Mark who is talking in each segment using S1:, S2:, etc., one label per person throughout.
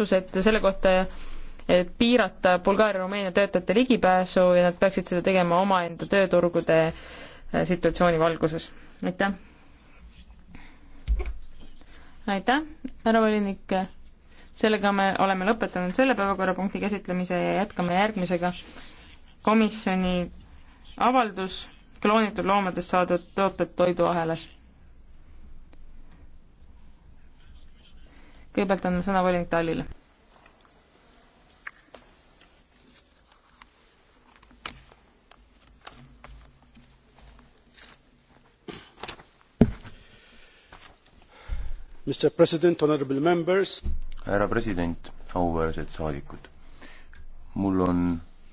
S1: vastused selle kohta, et piirata Bulgaaria-Rumeenia töötajate ligipääsu ja nad peaksid seda tegema omaenda tööturgude äh, situatsiooni valguses. aitäh! aitäh, härra volinik! sellega me oleme lõpetanud selle päevakorrapunkti käsitlemise ja jätkame järgmisega. komisjoni avaldus kloonitud loomadest saadud tooted toiduahelas kõigepealt annan sõna volinik Tallile.
S2: härra president, auväärsed saadikud, mul on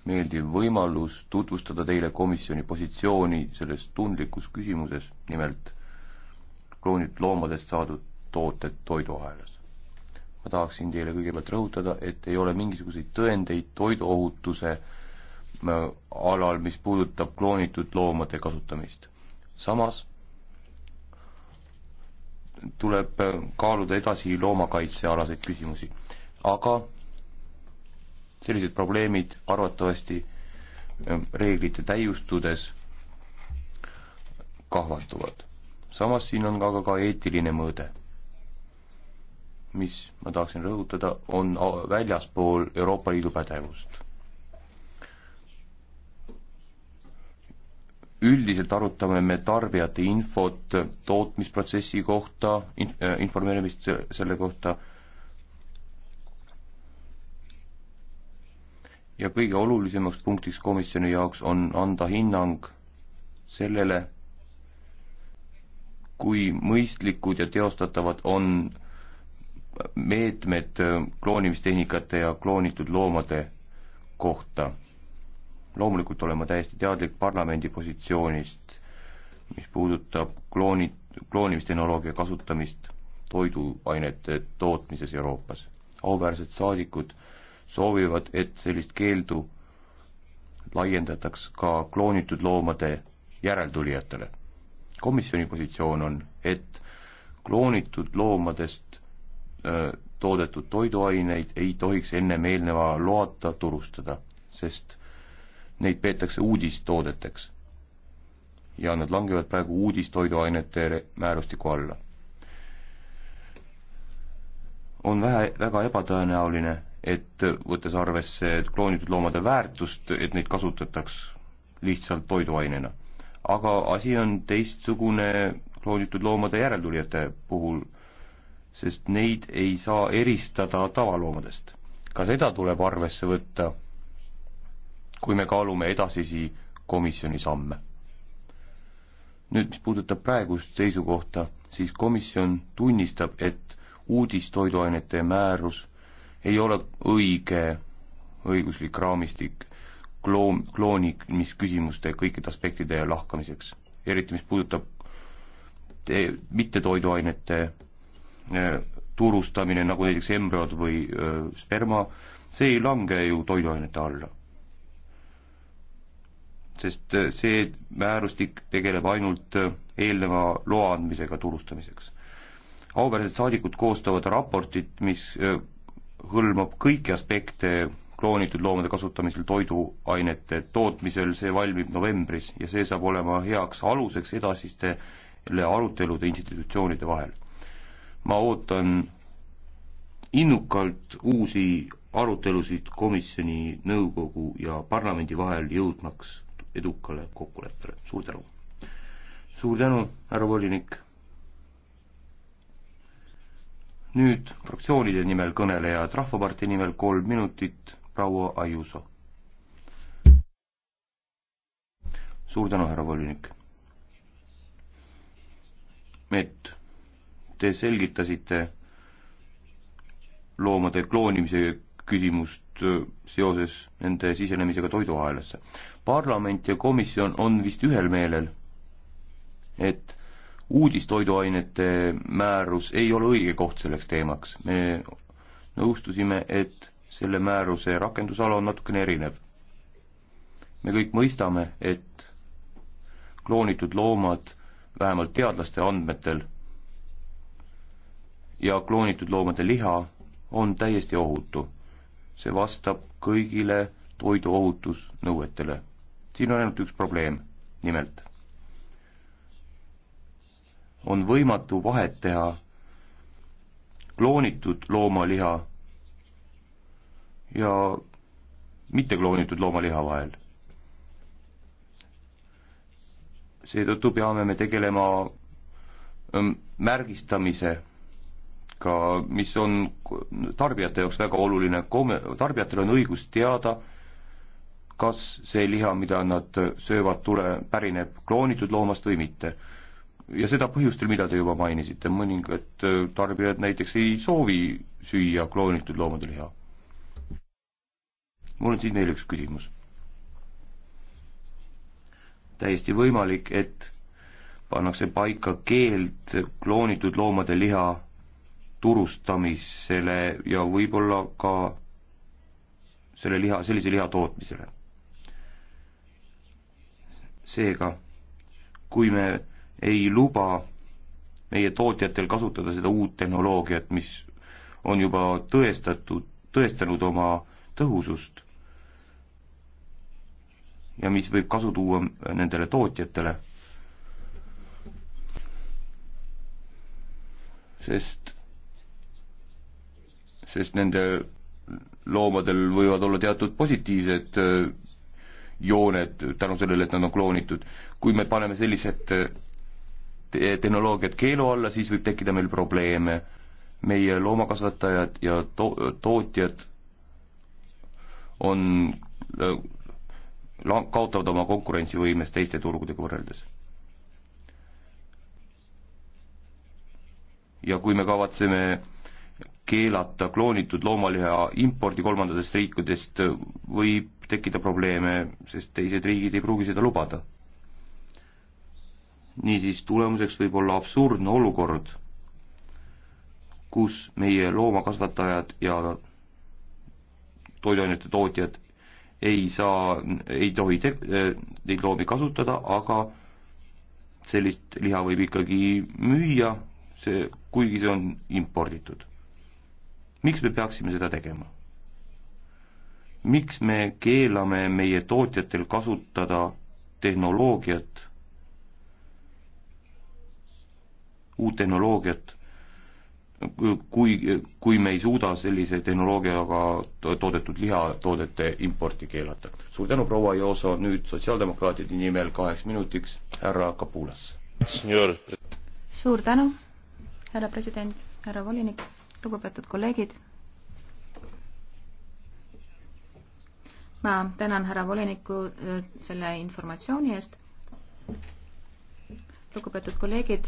S2: meeldiv võimalus tutvustada teile komisjoni positsiooni selles tundlikus küsimuses, nimelt kloonitud loomadest saadud tooted toiduahelas ma tahaksin teile kõigepealt rõhutada, et ei ole mingisuguseid tõendeid toiduohutuse äh, alal, mis puudutab kloonitud loomade kasutamist. samas tuleb äh, kaaluda edasi loomakaitsealaseid küsimusi, aga sellised probleemid arvatavasti äh, reeglite täiustudes kahvatuvad. samas siin on ka, ka, ka eetiline mõõde mis, ma tahaksin rõhutada, on väljaspool Euroopa Liidu pädevust. üldiselt arutame me tarbijate infot tootmisprotsessi kohta, äh, informeerimist selle kohta ja kõige olulisemaks punktiks komisjoni jaoks on anda hinnang sellele, kui mõistlikud ja teostatavad on meetmed kloonimistehnikate ja kloonitud loomade kohta. loomulikult olen ma täiesti teadlik parlamendi positsioonist, mis puudutab klooni, kloonimistehnoloogia kasutamist toiduainete tootmises Euroopas. auväärsed saadikud soovivad, et sellist keeldu laiendataks ka kloonitud loomade järeltulijatele. komisjoni positsioon on, et kloonitud loomadest Äh, toodetud toiduaineid ei tohiks ennem eelneva loata turustada, sest neid peetakse uudistoodeteks. ja nad langevad praegu uudistoiduainete määrustiku alla. on vähe, väga ebatõenäoline, et võttes arvesse kloonitud loomade väärtust, et neid kasutataks lihtsalt toiduainena. aga asi on teistsugune kloonitud loomade järeltulijate puhul sest neid ei saa eristada tavaloomadest. ka seda tuleb arvesse võtta, kui me kaalume edasisi komisjoni samme. nüüd, mis puudutab praegust seisukohta, siis komisjon tunnistab, et uudistoiduainete määrus ei ole õige õiguslik raamistik kloon, kloonimisküsimuste kõikide aspektide lahkamiseks, eriti mis puudutab mittetoiduainete Äh, turustamine, nagu näiteks embrüod või äh, sperma, see ei lange ju toiduainete alla. sest äh, see määrustik tegeleb ainult eelneva loa andmisega turustamiseks. auväärsed saadikud koostavad raportit, mis hõlmab kõiki aspekte kloonitud loomade kasutamisel toiduainete tootmisel, see valmib novembris ja see saab olema heaks aluseks edasistele arutelude institutsioonide vahel ma ootan innukalt uusi arutelusid komisjoni, nõukogu ja parlamendi vahel jõudmaks edukale kokkuleppele. suur tänu! suur tänu, härra volinik! nüüd fraktsioonide nimel kõnelejad, Rahvapartei nimel kolm minutit, proua Ajuso. suur tänu, härra volinik! et Te selgitasite loomade kloonimise küsimust äh, seoses nende sisenemisega toiduahelasse. parlament ja komisjon on vist ühel meelel, et uudistoiduainete määrus ei ole õige koht selleks teemaks. me nõustusime, et selle määruse rakendusala on natukene erinev. me kõik mõistame, et kloonitud loomad vähemalt teadlaste andmetel ja kloonitud loomade liha on täiesti ohutu. see vastab kõigile toiduohutusnõuetele. siin on ainult üks probleem, nimelt on võimatu vahet teha kloonitud loomaliha ja mittekloonitud loomaliha vahel. seetõttu peame me tegelema ähm, märgistamise ka, mis on tarbijate jaoks väga oluline, tarbijatel on õigus teada, kas see liha, mida nad söövad, tule, pärineb kloonitud loomast või mitte. ja seda põhjustel, mida te juba mainisite, mõningad tarbijad näiteks ei soovi süüa kloonitud loomade liha. mul on siin veel üks küsimus. täiesti võimalik, et pannakse paika keeld kloonitud loomade liha turustamisele ja võib-olla ka selle liha, sellise liha tootmisele. seega, kui me ei luba meie tootjatel kasutada seda uut tehnoloogiat, mis on juba tõestatud, tõestanud oma tõhusust ja mis võib kasu tuua nendele tootjatele, sest sest nende loomadel võivad olla teatud positiivsed äh, jooned tänu sellele, et nad on kloonitud. kui me paneme sellised äh, te tehnoloogiad keelu alla, siis võib tekkida meil probleeme. meie loomakasvatajad ja to-, tootjad on, äh, kaotavad oma konkurentsivõimes teiste turgudega võrreldes. ja kui me kavatseme keelata kloonitud loomaliha impordi kolmandatest riikidest, võib tekkida probleeme, sest teised riigid ei pruugi seda lubada. niisiis, tulemuseks võib olla absurdne olukord, kus meie loomakasvatajad ja toiduainete tootjad ei saa, ei tohi te-, neid loomi kasutada, aga sellist liha võib ikkagi müüa, see, kuigi see on imporditud miks me peaksime seda tegema? miks me keelame meie tootjatel kasutada tehnoloogiat, uut tehnoloogiat, kui, kui me ei suuda sellise tehnoloogiaga toodetud lihatoodete importi keelata. suur tänu, proua Jooso, nüüd sotsiaaldemokraatide nimel kaheks minutiks härra Kapulas.
S3: suur tänu, härra president, härra volinik lugupeetud kolleegid. ma tänan härra voliniku äh, selle informatsiooni eest. lugupeetud kolleegid,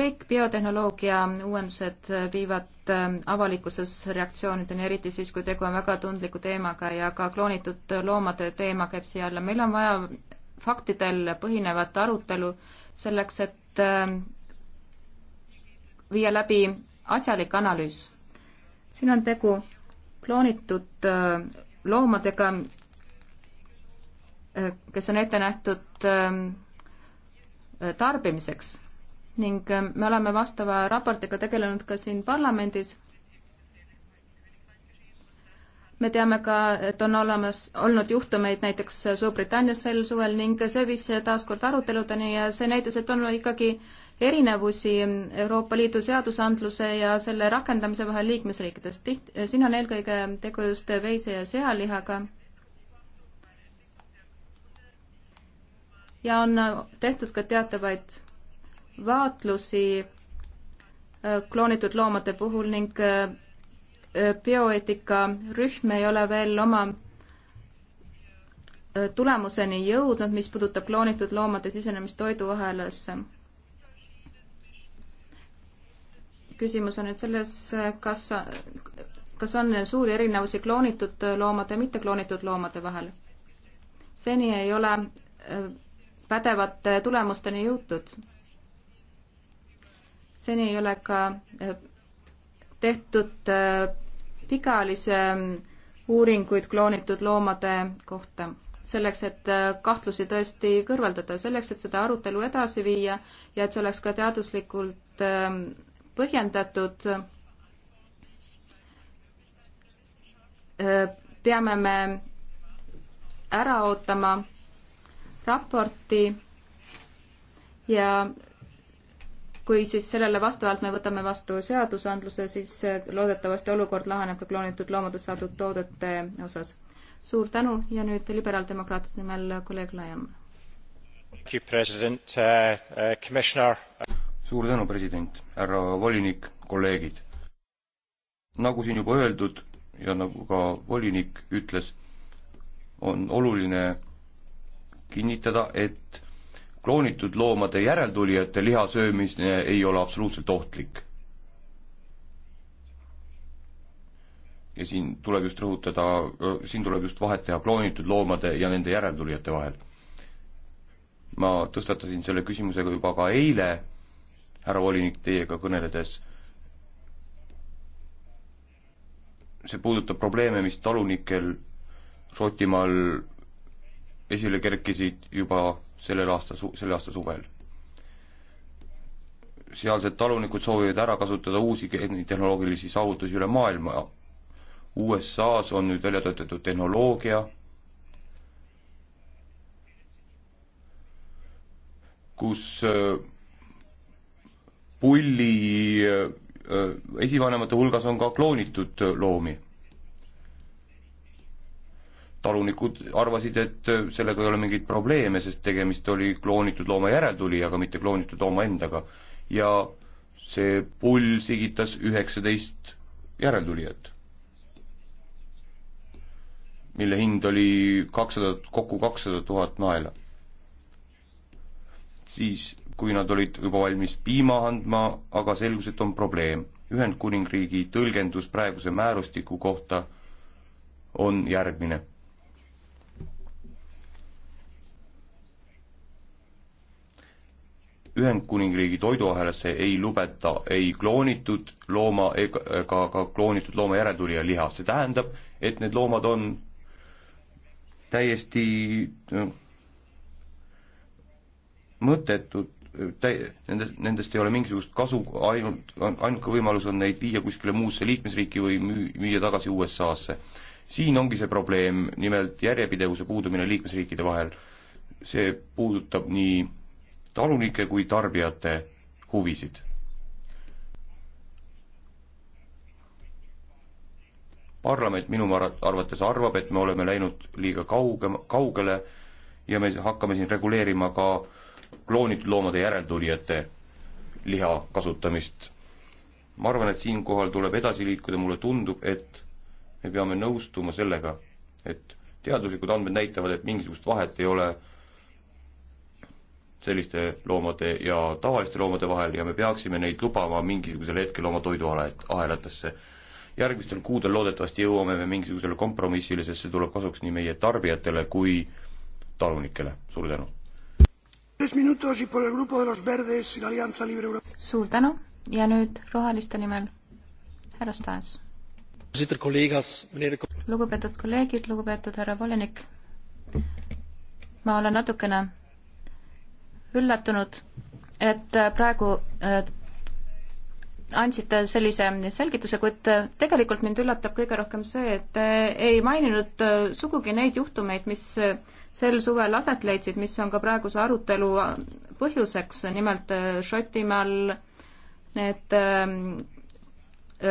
S3: kõik biotehnoloogia uuendused viivad äh, avalikkuses reaktsioonideni, eriti siis, kui tegu on väga tundliku teemaga ja ka kloonitud loomade teema käib siia alla. meil on vaja faktidel põhinevat arutelu selleks, et äh, viia läbi asjalik analüüs. siin on tegu kloonitud äh, loomadega, äh, kes on ette nähtud äh, tarbimiseks ning me oleme vastava raportiga tegelenud ka siin parlamendis. me teame ka, et on olemas, olnud juhtumeid näiteks Suurbritannias sel suvel ning see viis taaskord aruteludeni ja see näitas, et on ikkagi äh, erinevusi Euroopa Liidu seadusandluse ja selle rakendamise vahel liikmesriikides. tiht-, siin on eelkõige tegu just veise- ja sealihaga. ja on tehtud ka teatavaid vaatlusi äh, kloonitud loomade puhul ning äh, äh, bioeetika rühm ei ole veel oma tulemuseni jõudnud, mis puudutab kloonitud loomade sisenemist toiduahelasse küsimus on nüüd selles, kas, kas on suuri erinevusi kloonitud loomade ja mittekloonitud loomade vahel. seni ei ole äh, pädevate tulemusteni jõutud. seni ei ole ka äh, tehtud äh, pikaajalisi uuringuid kloonitud loomade kohta, selleks, et kahtlusi tõesti kõrvaldada, selleks, et seda arutelu edasi viia ja et see oleks ka teaduslikult ähm, põhjendatud, äh, peame me ära ootama raporti ja kui siis sellele vastavalt me võtame vastu seadusandluse, siis loodetavasti olukord laheneb ka kloonitud loomadest saadud toodete osas. suur tänu ja nüüd liberaaldemokraatide nimel kolleeg Laiam
S2: suur tänu, president, härra volinik, kolleegid. nagu siin juba öeldud ja nagu ka volinik ütles, on oluline kinnitada, et kloonitud loomade järeltulijate liha söömine ei ole absoluutselt ohtlik. ja siin tuleb just rõhutada, siin tuleb just vahet teha kloonitud loomade ja nende järeltulijate vahel. ma tõstatasin selle küsimusega juba ka eile härra volinik, teiega kõneledes. see puudutab probleeme, mis talunikel Šotimaal esile kerkisid juba sellel aasta, selle aasta suvel. sealsed talunikud soovivad ära kasutada uusi tehnoloogilisi saavutusi üle maailma. USA-s on nüüd välja töötatud tehnoloogia, kus äh, pulli äh, esivanemate hulgas on ka kloonitud äh, loomi. talunikud arvasid, et äh, sellega ei ole mingeid probleeme, sest tegemist oli kloonitud looma järeltulijaga, mitte kloonitud looma endaga. ja see pull sigitas üheksateist järeltulijat, mille hind oli kakssada, kokku kakssada tuhat naela. siis kui nad olid juba valmis piima andma, aga selgus, et on probleem. Ühendkuningriigi tõlgendus praeguse määrustiku kohta on järgmine. Ühendkuningriigi toiduahelasse ei lubeta ei kloonitud looma ega ka, ka kloonitud looma järeltulija liha, see tähendab, et need loomad on täiesti mõttetud tä-, nendest, nendest ei ole mingisugust kasu, ainult, ainuke võimalus on neid viia kuskile muusse liikmesriiki või müü-, müüa tagasi USA-sse. siin ongi see probleem, nimelt järjepidevuse puudumine liikmesriikide vahel. see puudutab nii talunike kui tarbijate huvisid. parlament minu arvates arvab, et me oleme läinud liiga kaugem-, kaugele ja me hakkame siin reguleerima ka äh, kloonitud loomade järeltulijate liha kasutamist. ma arvan, et siinkohal tuleb edasi liikuda, mulle tundub, et me peame nõustuma sellega, et teaduslikud andmed näitavad, et mingisugust vahet ei ole selliste loomade ja tavaliste loomade vahel ja me peaksime neid lubama mingisugusel hetkel oma toiduahelatesse. järgmistel kuudel loodetavasti jõuame me mingisugusele kompromissile, sest see tuleb kasuks nii meie tarbijatele kui talunikele. suur tänu!
S3: suur tänu ja nüüd roheliste nimel härra Stas. lugupeetud kolleegid, lugupeetud härra volinik, ma olen natukene üllatunud, et praegu äh, andsite sellise selgituse, kuid äh, tegelikult mind üllatab kõige rohkem see, et äh, ei maininud sugugi neid juhtumeid, mis sel suvel aset leidsid, mis on ka praeguse arutelu põhjuseks, nimelt äh, Šotimaal need ähm,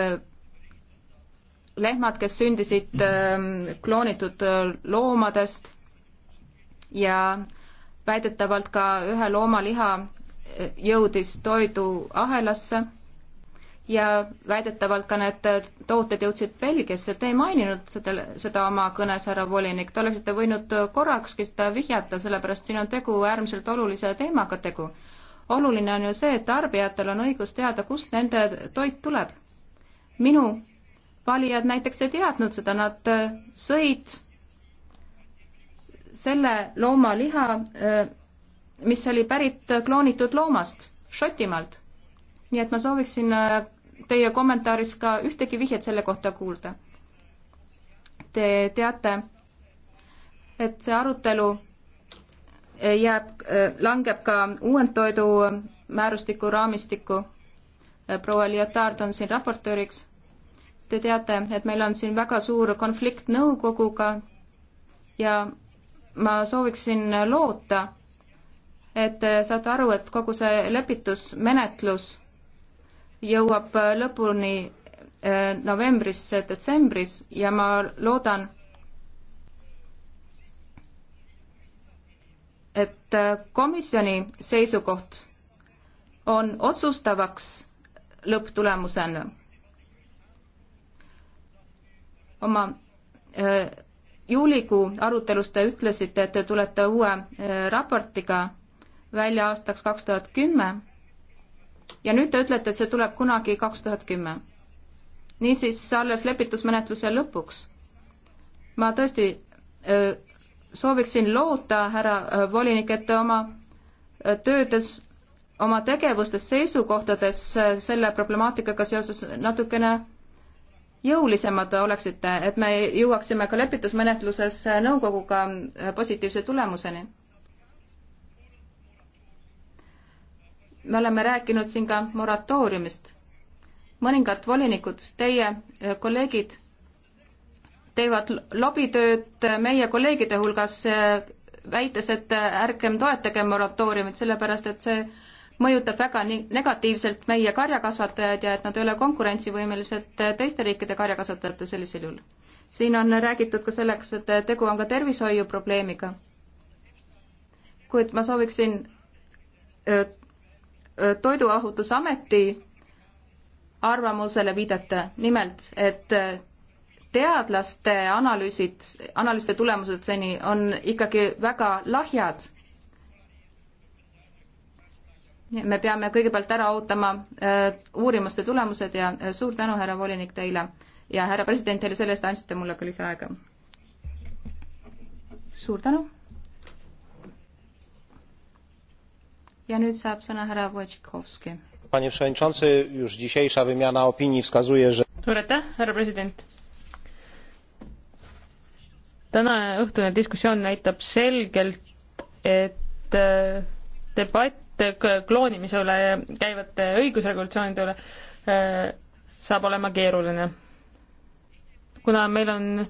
S3: äh, lehmad, kes sündisid ähm, kloonitud äh, loomadest ja väidetavalt ka ühe looma liha jõudis toiduahelasse ja väidetavalt ka need tooted jõudsid Belgiasse. Te ei maininud seda, seda oma kõnes, härra volinik, te oleksite võinud korrakski seda vihjata, sellepärast siin on tegu äärmiselt olulise teemaga tegu. oluline on ju see, et tarbijatel on õigus teada, kust nende toit tuleb. minu valijad näiteks ei teadnud seda, nad äh, sõid selle loomaliha, äh, mis oli pärit kloonitud loomast Šotimaalt nii et ma sooviksin äh, teie kommentaaris ka ühtegi vihjet selle kohta kuulda. Te teate, et see arutelu eh, jääb, eh, langeb ka uuendtoidu eh, määrustiku raamistikku. proua Lyotard on siin raportööriks. Te teate, et meil on siin väga suur konflikt nõukoguga ja ma sooviksin loota, et saate aru, et kogu see lepitusmenetlus jõuab äh, lõpuni äh, novembris, detsembris ja ma loodan, et äh, komisjoni seisukoht on otsustavaks lõpptulemusena. oma juulikuu arutelus te ütlesite, et te tulete uue raportiga välja aastaks kaks tuhat kümme ja nüüd te ütlete, et see tuleb kunagi kaks tuhat kümme. niisiis alles lepitusmenetluse lõpuks. ma tõesti öö, sooviksin loota, härra volinik, et te oma töödes, oma tegevustes, seisukohtades selle problemaatikaga seoses natukene jõulisemad oleksite, et me jõuaksime ka lepitusmenetluses nõukoguga positiivse tulemuseni me oleme rääkinud siin ka moratooriumist. mõningad volinikud, teie äh, kolleegid teevad lobitööd äh, meie kolleegide hulgas, äh, väites, et ärgem toetage moratooriumit, sellepärast et see mõjutab väga negatiivselt meie karjakasvatajaid ja et nad ei ole konkurentsivõimelised teiste riikide karjakasvatajate sellisel juhul. siin on räägitud ka selleks, et tegu on ka tervishoiuprobleemiga. kuid ma sooviksin Toiduohutusameti arvamusele viidata, nimelt, et teadlaste analüüsid, analüüside tulemused seni on ikkagi väga lahjad. me peame kõigepealt ära ootama äh, uurimuste tulemused ja äh, suur tänu, härra volinik, teile ja härra president, teile selle eest andsite mulle ka lisaaega. suur tänu ja nüüd saab sõna härra Wojciechowski.
S2: Panie przewodniczący, już dzisiejsza wymiana opinii wskazuje, że
S1: suur aitäh, härra president! tänaõhtune diskussioon näitab selgelt, et äh, debatt kloonimise üle ja käivate õigusregulatsioonide üle äh, saab olema keeruline. kuna meil on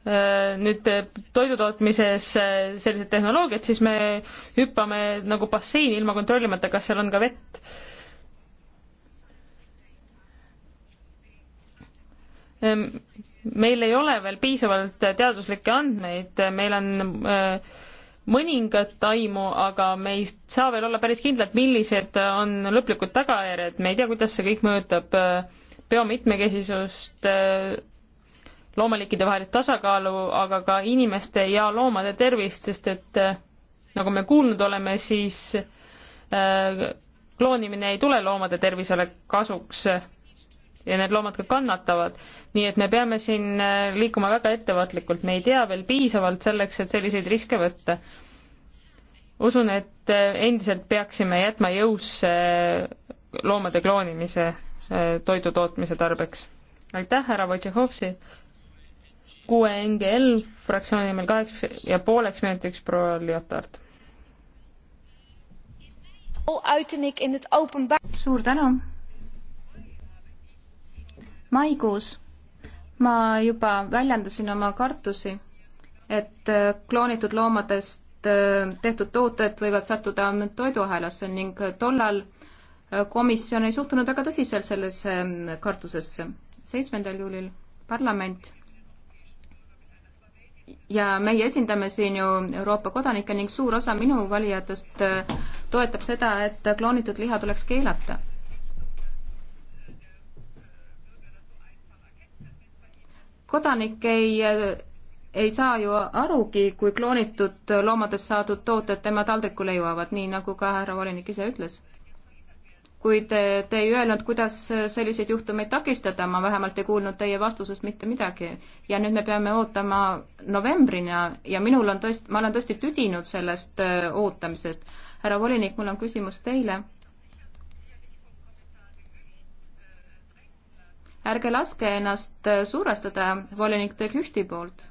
S1: Äh, nüüd äh, toidutootmises äh, sellised tehnoloogiad, siis me hüppame nagu basseini ilma kontrollimata, kas seal on ka vett. Ehm, meil ei ole veel piisavalt teaduslikke andmeid, meil on mõningat aimu, aga me ei saa veel olla päris kindlad, millised on lõplikud tagajärjed, me ei tea, kuidas see kõik mõjutab biomitmekesisust, loomaliikide vahelist tasakaalu, aga ka inimeste ja loomade tervist, sest et äh, nagu me kuulnud oleme, siis äh, kloonimine ei tule loomade tervisele kasuks äh, ja need loomad ka kannatavad. nii et me peame siin liikuma väga ettevaatlikult, me ei tea veel piisavalt selleks, et selliseid riske võtta. usun, et endiselt peaksime jätma jõusse loomade kloonimise toidu tootmise tarbeks. aitäh, härra Wojciechowski, kuue NGL fraktsiooni nimel kaheks ja pooleks minutiks proua Liotard.
S3: suur tänu. maikuus ma juba väljendasin oma kartusi, et äh, kloonitud loomadest äh, tehtud tooted võivad sattuda toiduahelasse ning äh, tollal komisjon ei suhtunud väga tõsiselt sellesse ähm, kartusesse. seitsmendal juulil parlament ja meie esindame siin ju Euroopa kodanikke ning suur osa minu valijatest äh, toetab seda, et kloonitud liha tuleks keelata. kodanik ei, äh, ei saa ju arugi, kui kloonitud loomadest saadud tooted tema taldrikule jõuavad, nii nagu ka härra volinik ise ütles kuid te ei öelnud, kuidas selliseid juhtumeid takistada, ma vähemalt ei kuulnud teie vastusest mitte midagi. ja nüüd me peame ootama novembrini ja minul on tõest-, ma olen tõesti tüdinud sellest äh, ootamisest. härra volinik, mul on küsimus teile. ärge laske ennast äh, survestada volinik De Kühti poolt.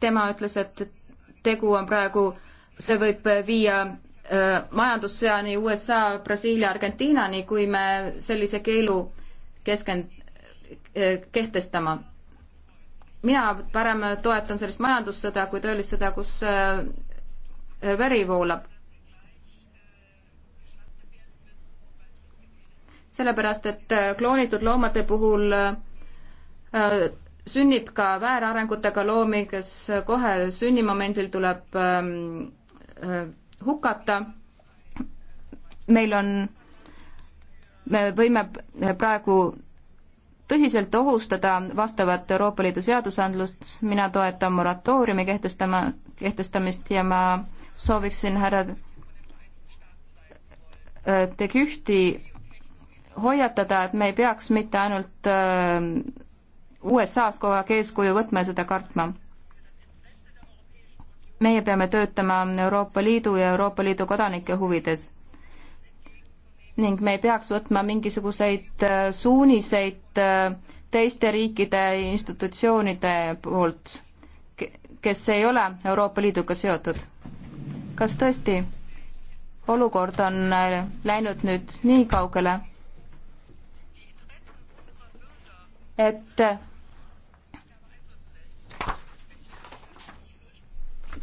S3: tema ütles, et tegu on praegu see võib viia äh, majandussõjani USA, Brasiilia, Argentiinani, kui me sellise keelu keskend-, äh, kehtestama. mina parem toetan sellist majandussõda kui tõelist sõda, kus äh, veri voolab. sellepärast, et kloonitud loomade puhul sünnib ka väärarengutega loomi, kes kohe sünnimomendil tuleb ähm, Äh, hukata. meil on, me võime praegu tõsiselt ohustada vastavat Euroopa Liidu seadusandlust, mina toetan moratooriumi kehtestama, kehtestamist ja ma sooviksin härra äh, De Gühti hoiatada, et me ei peaks mitte ainult äh, USA-st kogu aeg eeskuju võtma ja seda kartma meie peame töötama Euroopa Liidu ja Euroopa Liidu kodanike huvides. ning me ei peaks võtma mingisuguseid äh, suuniseid äh, teiste riikide institutsioonide poolt, kes ei ole Euroopa Liiduga seotud. kas tõesti olukord on äh, läinud nüüd nii kaugele, et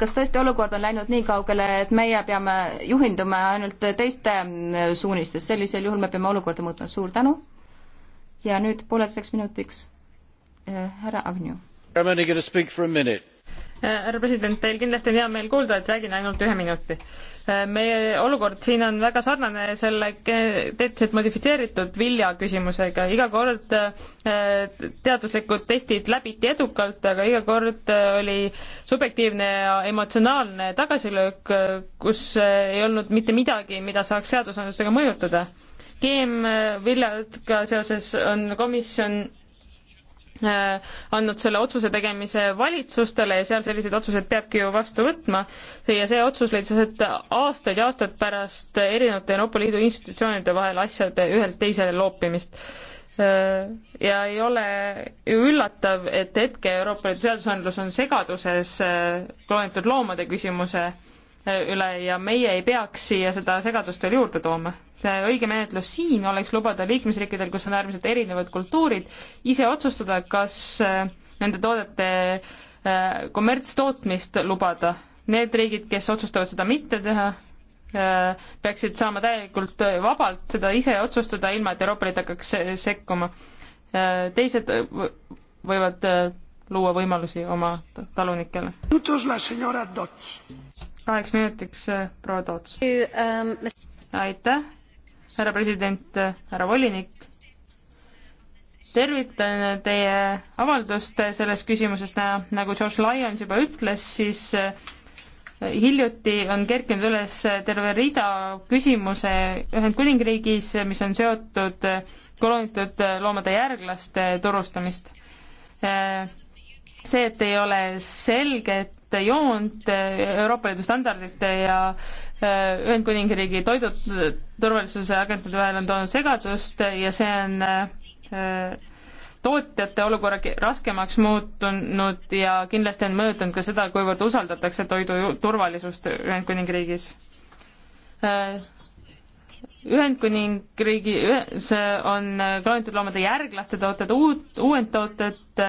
S3: kas tõesti olukord on läinud nii kaugele, et meie peame, juhindume ainult teiste mm, suunistest, sellisel juhul me peame olukorda muutma, suur tänu.
S1: ja nüüd pooleteiseks minutiks eh, härra Agnew.
S3: Eh,
S1: härra president, teil kindlasti on hea meel kuulda, et räägin ainult ühe minuti Äh, meie olukord siin on väga sarnane selle geneetiliselt modifitseeritud vilja küsimusega, iga kord äh, teaduslikud testid läbiti edukalt, aga iga kord äh, oli subjektiivne ja emotsionaalne tagasilöök, kus ei olnud mitte midagi, mida saaks seadusandlustega mõjutada. keemviljadega seoses on komisjon Äh, andnud selle otsuse tegemise valitsustele ja seal selliseid otsuseid peabki ju vastu võtma. ja see otsus leidis aset aastaid ja aastaid pärast erinevate Euroopa Liidu institutsioonide vahel asjade ühelt teisele loopimist. Äh, ja ei ole ju üllatav, et hetke Euroopa Liidu seadusandlus on segaduses kloonetud äh, loomade küsimuse üle ja meie ei peaks siia seda segadust veel juurde tooma et äh, õige menetlus siin oleks lubada liikmesriikidel, kus on äärmiselt erinevad kultuurid, ise otsustada, kas äh, nende toodete äh, kommertstootmist lubada. Need riigid, kes otsustavad seda mitte teha, peaksid saama täielikult vabalt seda ise otsustada, ilma et Euroopa Liit hakkaks sekkuma. teised võivad luua võimalusi oma talunikele. kaheks minutiks proua Toots. Um, aitäh, härra president, härra volinik, tervitan teie avaldust selles küsimuses, nagu George Lyons juba ütles, siis eh, hiljuti on kerkinud üles terve rida küsimuse Ühendkuningriigis, mis on seotud eh, kloonitud eh, loomade järglaste turustamist. see, et ei ole selget joont Euroopa Liidu standardite ja Äh, Ühendkuningriigi toiduturvalisuse agentuuri vahel on toonud segadust ja see on äh, tootjate olukorra raskemaks muutunud ja kindlasti on mõjutanud ka seda, kuivõrd usaldatakse toidu turvalisust Ühendkuningriigis. Äh, Ühendkuningriigis on kloonitud loomade järglaste tooted, uut, uuendtooted,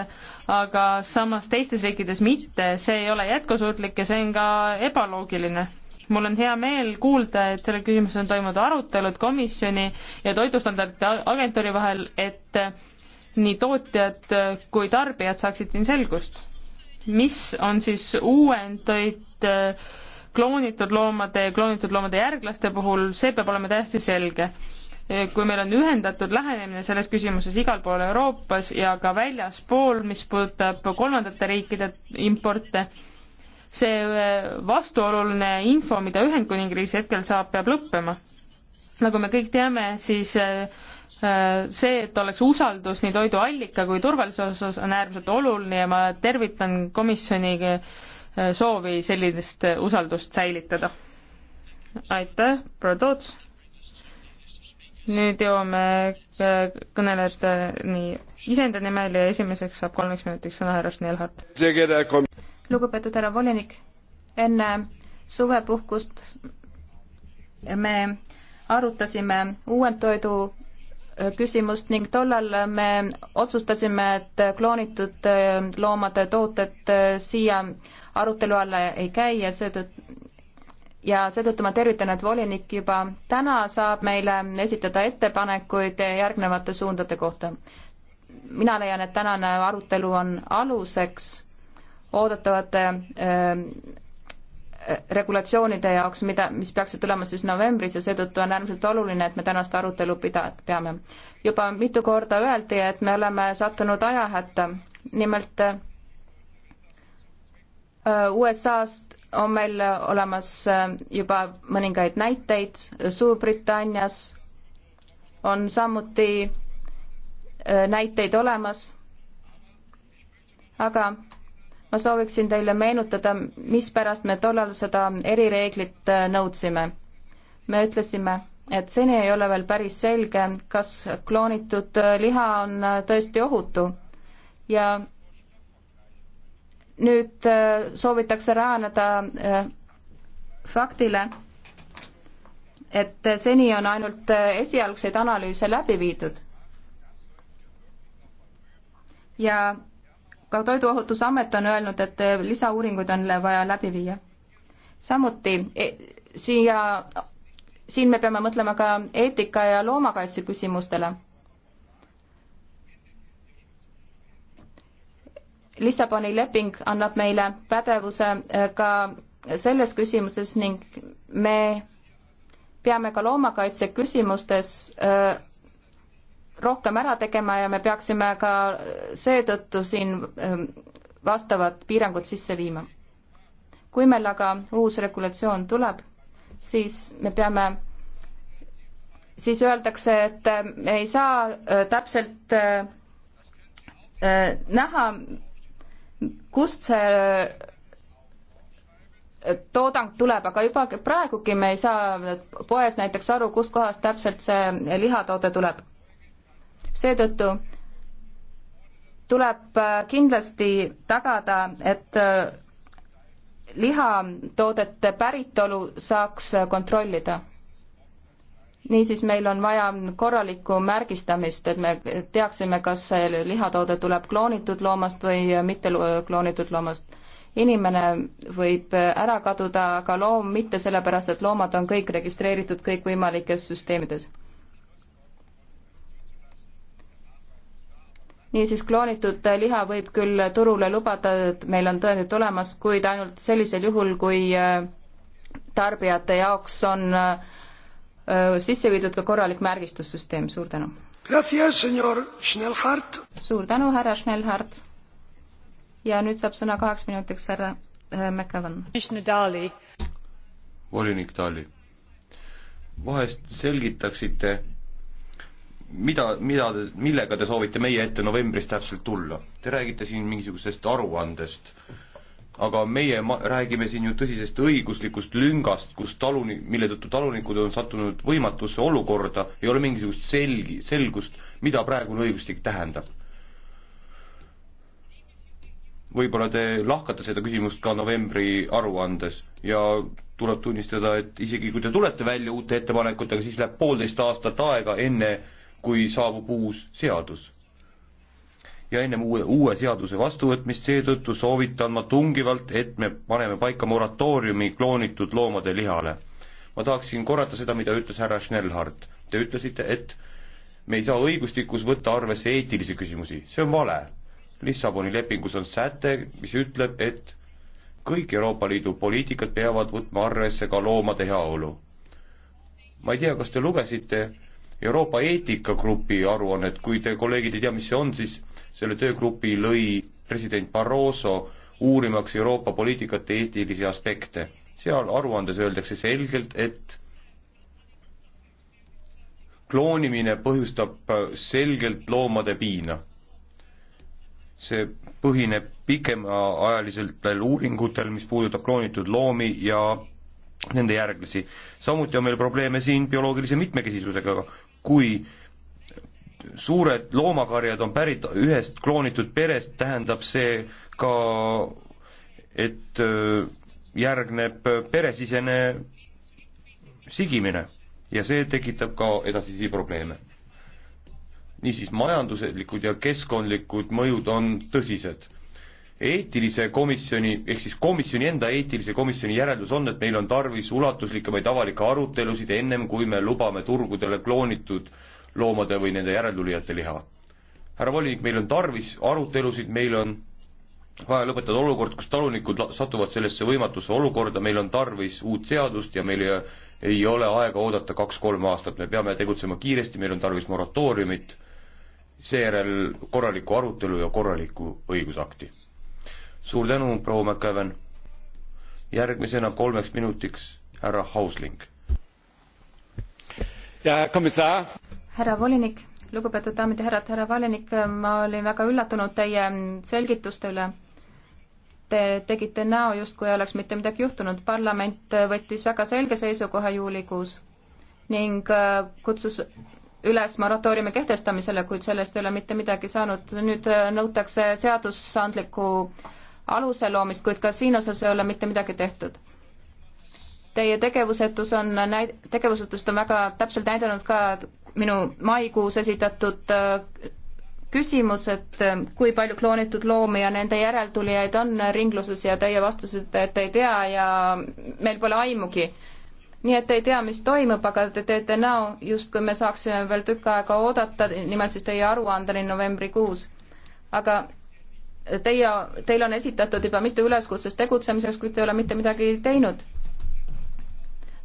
S1: aga samas teistes riikides mitte, see ei ole jätkusuutlik ja see on ka ebaloogiline mul on hea meel kuulda, et selle küsimuse on toimunud arutelud komisjoni ja toidustandardite agentuuri vahel, et eh, nii tootjad eh, kui tarbijad saaksid siin selgust. mis on siis uuendeid eh, kloonitud loomade ja kloonitud loomade järglaste puhul, see peab olema täiesti selge. kui meil on ühendatud lähenemine selles küsimuses igal pool Euroopas ja ka väljaspool, mis puudutab kolmandate riikide importe, see äh, vastuoluline info, mida Ühendkuningriigis hetkel saab, peab lõppema. nagu me kõik teame, siis äh, äh, see, et oleks usaldus nii toiduallika kui turvalisuse osas, on äärmiselt oluline ja ma tervitan komisjoni soovi sellist usaldust säilitada. aitäh, proua Toots! nüüd jõuame kõnelejate nii iseenda nimel ja esimeseks saab kolmeks minutiks sõna härra Schnellhardt lugupeetud härra volinik, enne suvepuhkust
S3: me arutasime uuendtoidu äh, küsimust ning tollal me otsustasime, et kloonitud äh, loomade tooted äh, siia arutelu alla ei käi ja seetõttu ja seetõttu ma tervitan, et volinik juba täna saab meile esitada ettepanekuid järgnevate suundade kohta. mina leian, et tänane arutelu on aluseks oodatavate ähm, regulatsioonide jaoks, mida, mis peaksid tulema siis novembris ja seetõttu on äärmiselt oluline, et me tänast arutelu pida-, peame. juba mitu korda öeldi, et me oleme sattunud ajahätta, nimelt äh, USA-st on meil olemas äh, juba mõningaid näiteid, Suurbritannias on samuti äh, näiteid olemas, aga ma sooviksin teile meenutada, mispärast me tollal seda erireeglit äh, nõudsime. me ütlesime, et seni ei ole veel päris selge, kas kloonitud äh, liha on äh, tõesti ohutu ja nüüd soovitakse rajaneda faktile, et seni on ainult esialgseid analüüse läbi viidud ja ka Toiduohutusamet on öelnud, et eh, lisauuringuid on vaja läbi viia. samuti eh, siia, siin me peame mõtlema ka eetika ja loomakaitse küsimustele. Lissaboni leping annab meile pädevuse eh, ka selles küsimuses ning me peame ka loomakaitse küsimustes öö, rohkem ära tegema ja me peaksime ka seetõttu siin ähm, vastavad piirangud sisse viima. kui meil aga uus regulatsioon tuleb, siis me peame, siis öeldakse, et äh, me ei saa äh, täpselt äh, näha, kust see toodang tuleb, aga juba praegugi me ei saa poes näiteks aru, kustkohast täpselt see lihatoode tuleb seetõttu tuleb äh, kindlasti tagada, et äh, lihatoodete päritolu saaks äh, kontrollida. niisiis, meil on vaja korralikku märgistamist, et me teaksime, kas see lihatoode tuleb kloonitud loomast või mitte kloonitud loomast. inimene võib ära kaduda, aga loom mitte, sellepärast et loomad on kõik registreeritud kõikvõimalikes süsteemides niisiis, kloonitud liha võib küll turule lubada, et meil on tõendid olemas, kuid ainult sellisel juhul, kui äh, tarbijate jaoks on äh, äh, sisse viidud ka korralik märgistussüsteem, suur tänu. suur tänu, härra Schnellhardt. ja nüüd saab sõna kaheks minutiks härra McEwan.
S2: volinik Dali, vahest selgitaksite mida, mida, millega te soovite meie ette novembris täpselt tulla? Te räägite siin mingisugusest aruandest, aga meie ma-, räägime siin ju tõsisest õiguslikust lüngast, kus taluni-, mille tõttu talunikud on sattunud võimatusse olukorda, ei ole mingisugust selgi, selgust, mida praegune õigustik tähendab. võib-olla te lahkate seda küsimust ka novembri aruandes ja tuleb tunnistada, et isegi kui te tulete välja uute ettepanekutega, siis läheb poolteist aastat aega, enne kui saabub uus seadus. ja ennem uue, uue seaduse vastuvõtmist seetõttu soovitan ma tungivalt, et me paneme paika moratooriumi kloonitud loomade lihale. ma tahaksin korrata seda, mida ütles härra Schnellhardt. Te ütlesite, et me ei saa õigustikus võtta arvesse eetilisi küsimusi, see on vale. Lissaboni lepingus on säte, mis ütleb, et kõik Euroopa Liidu poliitikad peavad võtma arvesse ka loomade heaolu. ma ei tea, kas te lugesite Euroopa eetikagrupi aruannet, kui te, kolleegid, ei tea, mis see on, siis selle töögrupi lõi president Barroso uurimaks Euroopa poliitikate eetilisi aspekte. seal aruandes öeldakse selgelt, et kloonimine põhjustab äh, selgelt loomade piina. see põhineb pikemaajaliselt uuringutel, mis puudutab kloonitud loomi ja nende järglasi. samuti on meil probleeme siin bioloogilise mitmekesisusega, kui suured loomakarjad on pärit ühest kloonitud perest, tähendab see ka, et äh, järgneb äh, peresisene sigimine ja see tekitab ka edasisi probleeme. niisiis, majanduslikud ja keskkondlikud mõjud on tõsised eetilise komisjoni, ehk siis komisjoni enda eetilise komisjoni järeldus on, et meil on tarvis ulatuslikumaid avalikke arutelusid ennem, kui me lubame turgudele kloonitud loomade või nende järeltulijate liha. härra volinik, meil on tarvis arutelusid, meil on vaja lõpetada olukord, kus talunikud satuvad sellesse võimatusse olukorda, meil on tarvis uut seadust ja meil ei, ei ole aega oodata kaks-kolm aastat, me peame tegutsema kiiresti, meil on tarvis moratooriumit, seejärel korralikku arutelu ja korralikku õigusakti suur tänu, proua McEwen. järgmisena kolmeks minutiks härra Hausling.
S3: härra volinik, lugupeetud daamid ja härrad, härra volinik, ma olin väga üllatunud teie selgituste üle. Te tegite näo, justkui ei oleks mitte midagi juhtunud. parlament võttis väga selge seisukoha juulikuus ning äh, kutsus üles moratooriumi kehtestamisele, kuid sellest ei ole mitte midagi saanud. nüüd äh, nõutakse seadusandlikku äh, aluse loomist, kuid ka siin osas ei ole mitte midagi tehtud. Teie tegevusetus on, tegevusetust on väga täpselt näidanud ka minu maikuus esitatud äh, küsimus, et äh, kui palju kloonitud loomi ja nende järeltulijaid on ringluses ja teie vastasite, et ei tea ja meil pole aimugi. nii et ei tea, mis toimub, aga te teete näo, justkui me saaksime veel tükk aega oodata, nimelt siis teie aruandeni novembrikuus. aga teie, teil on esitatud juba mitu üleskutsest tegutsemiseks, kuid te ei ole mitte midagi teinud.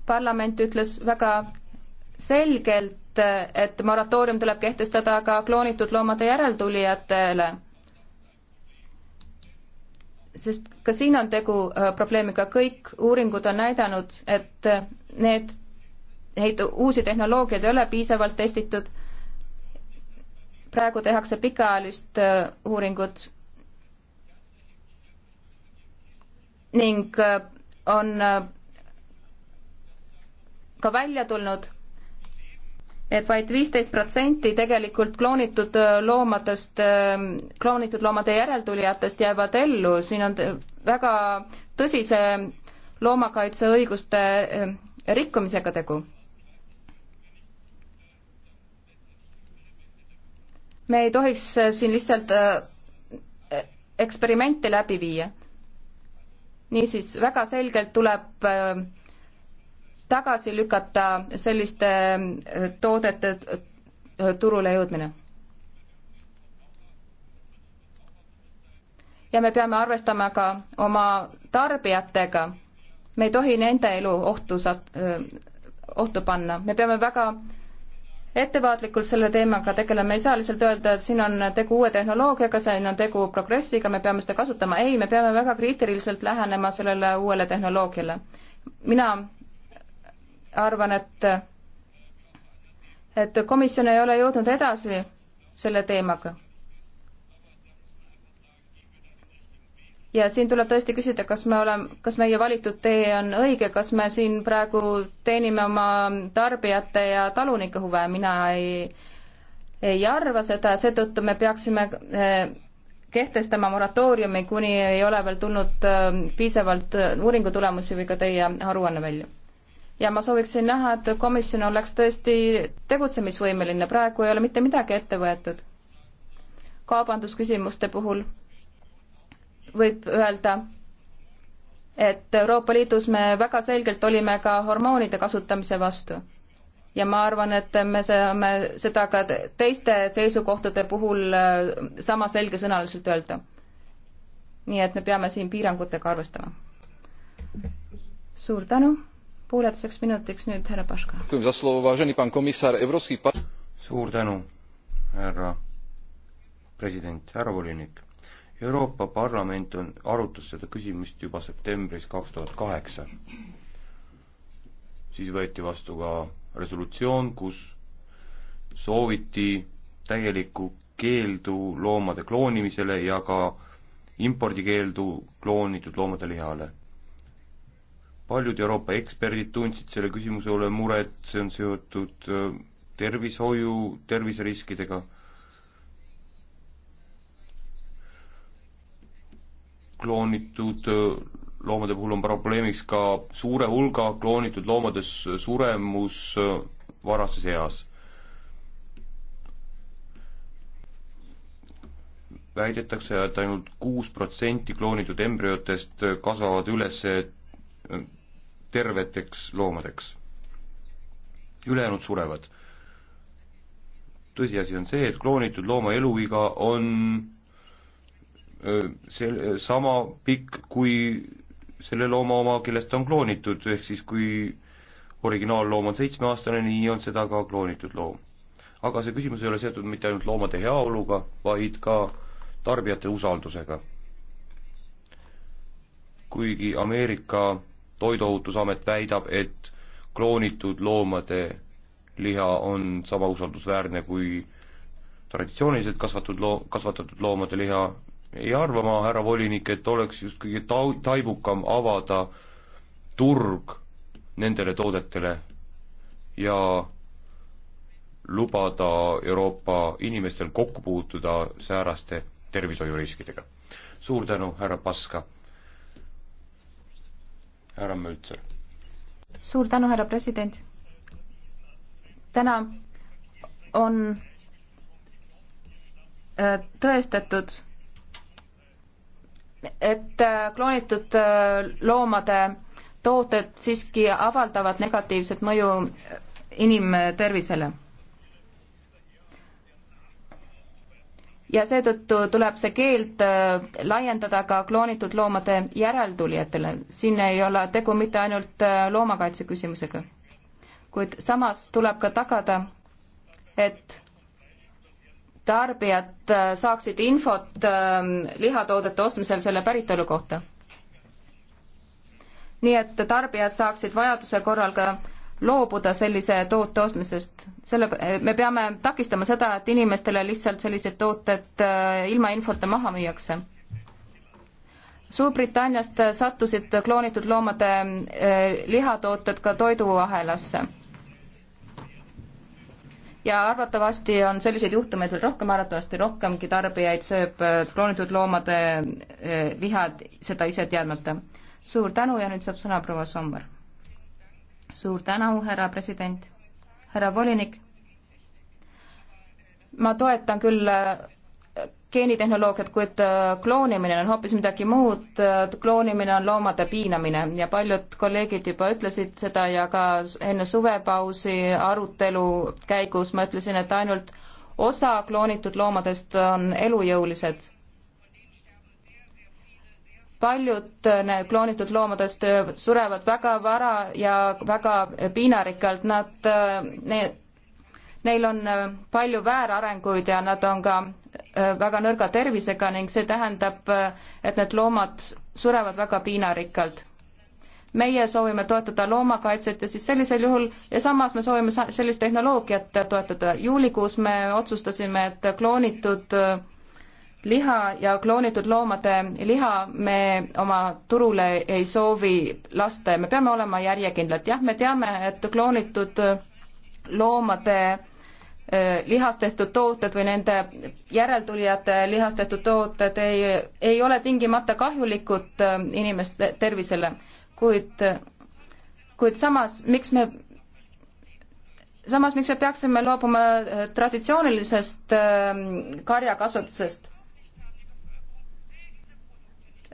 S3: parlament ütles väga selgelt, et moratoorium tuleb kehtestada ka kloonitud loomade järeltulijatele. sest ka siin on tegu äh, probleemiga, kõik uuringud on näidanud, et need, neid uusi tehnoloogiaid ei ole piisavalt testitud. praegu tehakse pikaajalist äh, uuringut ning äh, on äh, ka välja tulnud, et vaid viisteist protsenti tegelikult kloonitud äh, loomadest, kloonitud loomade järeltulijatest jäävad ellu, siin on väga tõsise loomakaitseõiguste rikkumisega tegu. me ei tohiks siin lihtsalt e-, eksperimente läbi viia niisiis, väga selgelt tuleb äh, tagasi lükata selliste äh, toodete äh, turule jõudmine. ja me peame arvestama ka oma tarbijatega. me ei tohi nende elu ohtu sat-, ohtu panna, me peame väga ettevaatlikult selle teemaga tegeleme, ei saa lihtsalt öelda, et siin on tegu uue tehnoloogiaga, siin on tegu progressiga, me peame seda kasutama, ei, me peame väga kriitiliselt lähenema sellele uuele tehnoloogiale. mina arvan, et, et komisjon ei ole jõudnud edasi selle teemaga ja siin tuleb tõesti küsida, kas me oleme, kas meie valitud tee on õige, kas me siin praegu teenime oma tarbijate ja talunike huve, mina ei, ei arva seda, seetõttu me peaksime eh, kehtestama moratooriumi, kuni ei ole veel tulnud eh, piisavalt eh, uuringutulemusi või ka teie aruanne välja. ja ma sooviksin näha, et komisjon oleks tõesti tegutsemisvõimeline, praegu ei ole mitte midagi ette võetud kaubandusküsimuste puhul võib öelda, et Euroopa Liidus me väga selgelt olime ka hormoonide kasutamise vastu. ja ma arvan, et me saame seda ka teiste seisukohtade puhul äh, sama selgesõnaliselt öelda. nii et me peame siin piirangutega arvestama. suur tänu, pooleteiseks minutiks nüüd härra Paška.
S2: suur tänu, härra president, härra volinik Euroopa Parlament on, arutas seda küsimust juba septembris kaks tuhat kaheksa. siis võeti vastu ka resolutsioon, kus sooviti täielikku keeldu loomade kloonimisele ja ka impordikeeldu kloonitud loomade lihale. paljud Euroopa eksperdid tundsid selle küsimuse üle muret, see on seotud äh, tervishoiu, terviseriskidega kloonitud äh, loomade puhul on probleemiks ka suure hulga kloonitud loomades suremus äh, varases eas. väidetakse, et ainult kuus protsenti kloonitud embrüotest äh, kasvavad üles terveteks loomadeks. ülejäänud surevad. tõsiasi on see, et kloonitud looma eluiga on Äh, see äh, sama pikk kui selle looma oma, kellest ta on kloonitud, ehk siis kui originaalloom on seitsmeaastane, nii on seda ka kloonitud loom. aga see küsimus ei ole seotud mitte ainult loomade heaoluga, vaid ka tarbijate usaldusega. kuigi Ameerika Toiduohutusamet väidab, et kloonitud loomade liha on sama usaldusväärne kui traditsiooniliselt kasvatud loo-, kasvatatud loomade liha, ei arva ma, härra volinik, et oleks just kõige tau-, taibukam avada turg nendele toodetele ja lubada Euroopa inimestel kokku puutuda sääraste tervishoiuriskidega. suur tänu, härra Paska. härra Möltser.
S3: suur tänu, härra president. täna on äh, tõestatud et äh, kloonitud äh, loomade tooted siiski avaldavad negatiivset mõju äh, inimtervisele. ja seetõttu tuleb see keeld laiendada ka kloonitud loomade järeltulijatele. siin ei ole tegu mitte ainult loomakaitse küsimusega, kuid samas tuleb ka tagada, et tarbijad äh, saaksid infot ähm, lihatoodete ostmisel selle päritolu kohta. nii et tarbijad saaksid vajaduse korral ka loobuda sellise toote ostmisest, selle, me peame takistama seda, et inimestele lihtsalt sellised tooted äh, ilma infota maha müüakse. Suurbritanniast sattusid kloonitud loomade äh, lihatooted ka toiduahelasse ja arvatavasti on selliseid juhtumeid veel rohkem, arvatavasti rohkemgi tarbijaid sööb äh, kloonitud loomade lihad, äh, seda ise teadmata. suur tänu ja nüüd saab sõna proua Sommer. suur tänu, härra president, härra volinik. ma toetan küll äh, geenitehnoloogiat, kuid äh, kloonimine on hoopis midagi muud, äh, kloonimine on loomade piinamine ja paljud kolleegid juba ütlesid seda ja ka enne suvepausi arutelu käigus ma ütlesin, et ainult osa kloonitud loomadest on elujõulised. paljud äh, need kloonitud loomadest surevad väga vara ja väga piinarikkalt, nad, need neil on äh, palju väärarenguid ja nad on ka äh, väga nõrga tervisega ning see tähendab, äh, et need loomad surevad väga piinarikkalt. meie soovime toetada loomakaitset ja siis sellisel juhul ja samas me soovime sellist tehnoloogiat toetada. juulikuus me otsustasime, et kloonitud liha ja kloonitud loomade liha me oma turule ei soovi lasta ja me peame olema järjekindlad. jah, me teame, et kloonitud loomade Äh, lihast tehtud tooted või nende järeltulijate lihast tehtud tooted ei, ei ole tingimata kahjulikud äh, inimeste tervisele, kuid, kuid samas, miks me samas, miks me peaksime loobuma äh, traditsioonilisest karjakasvatusest?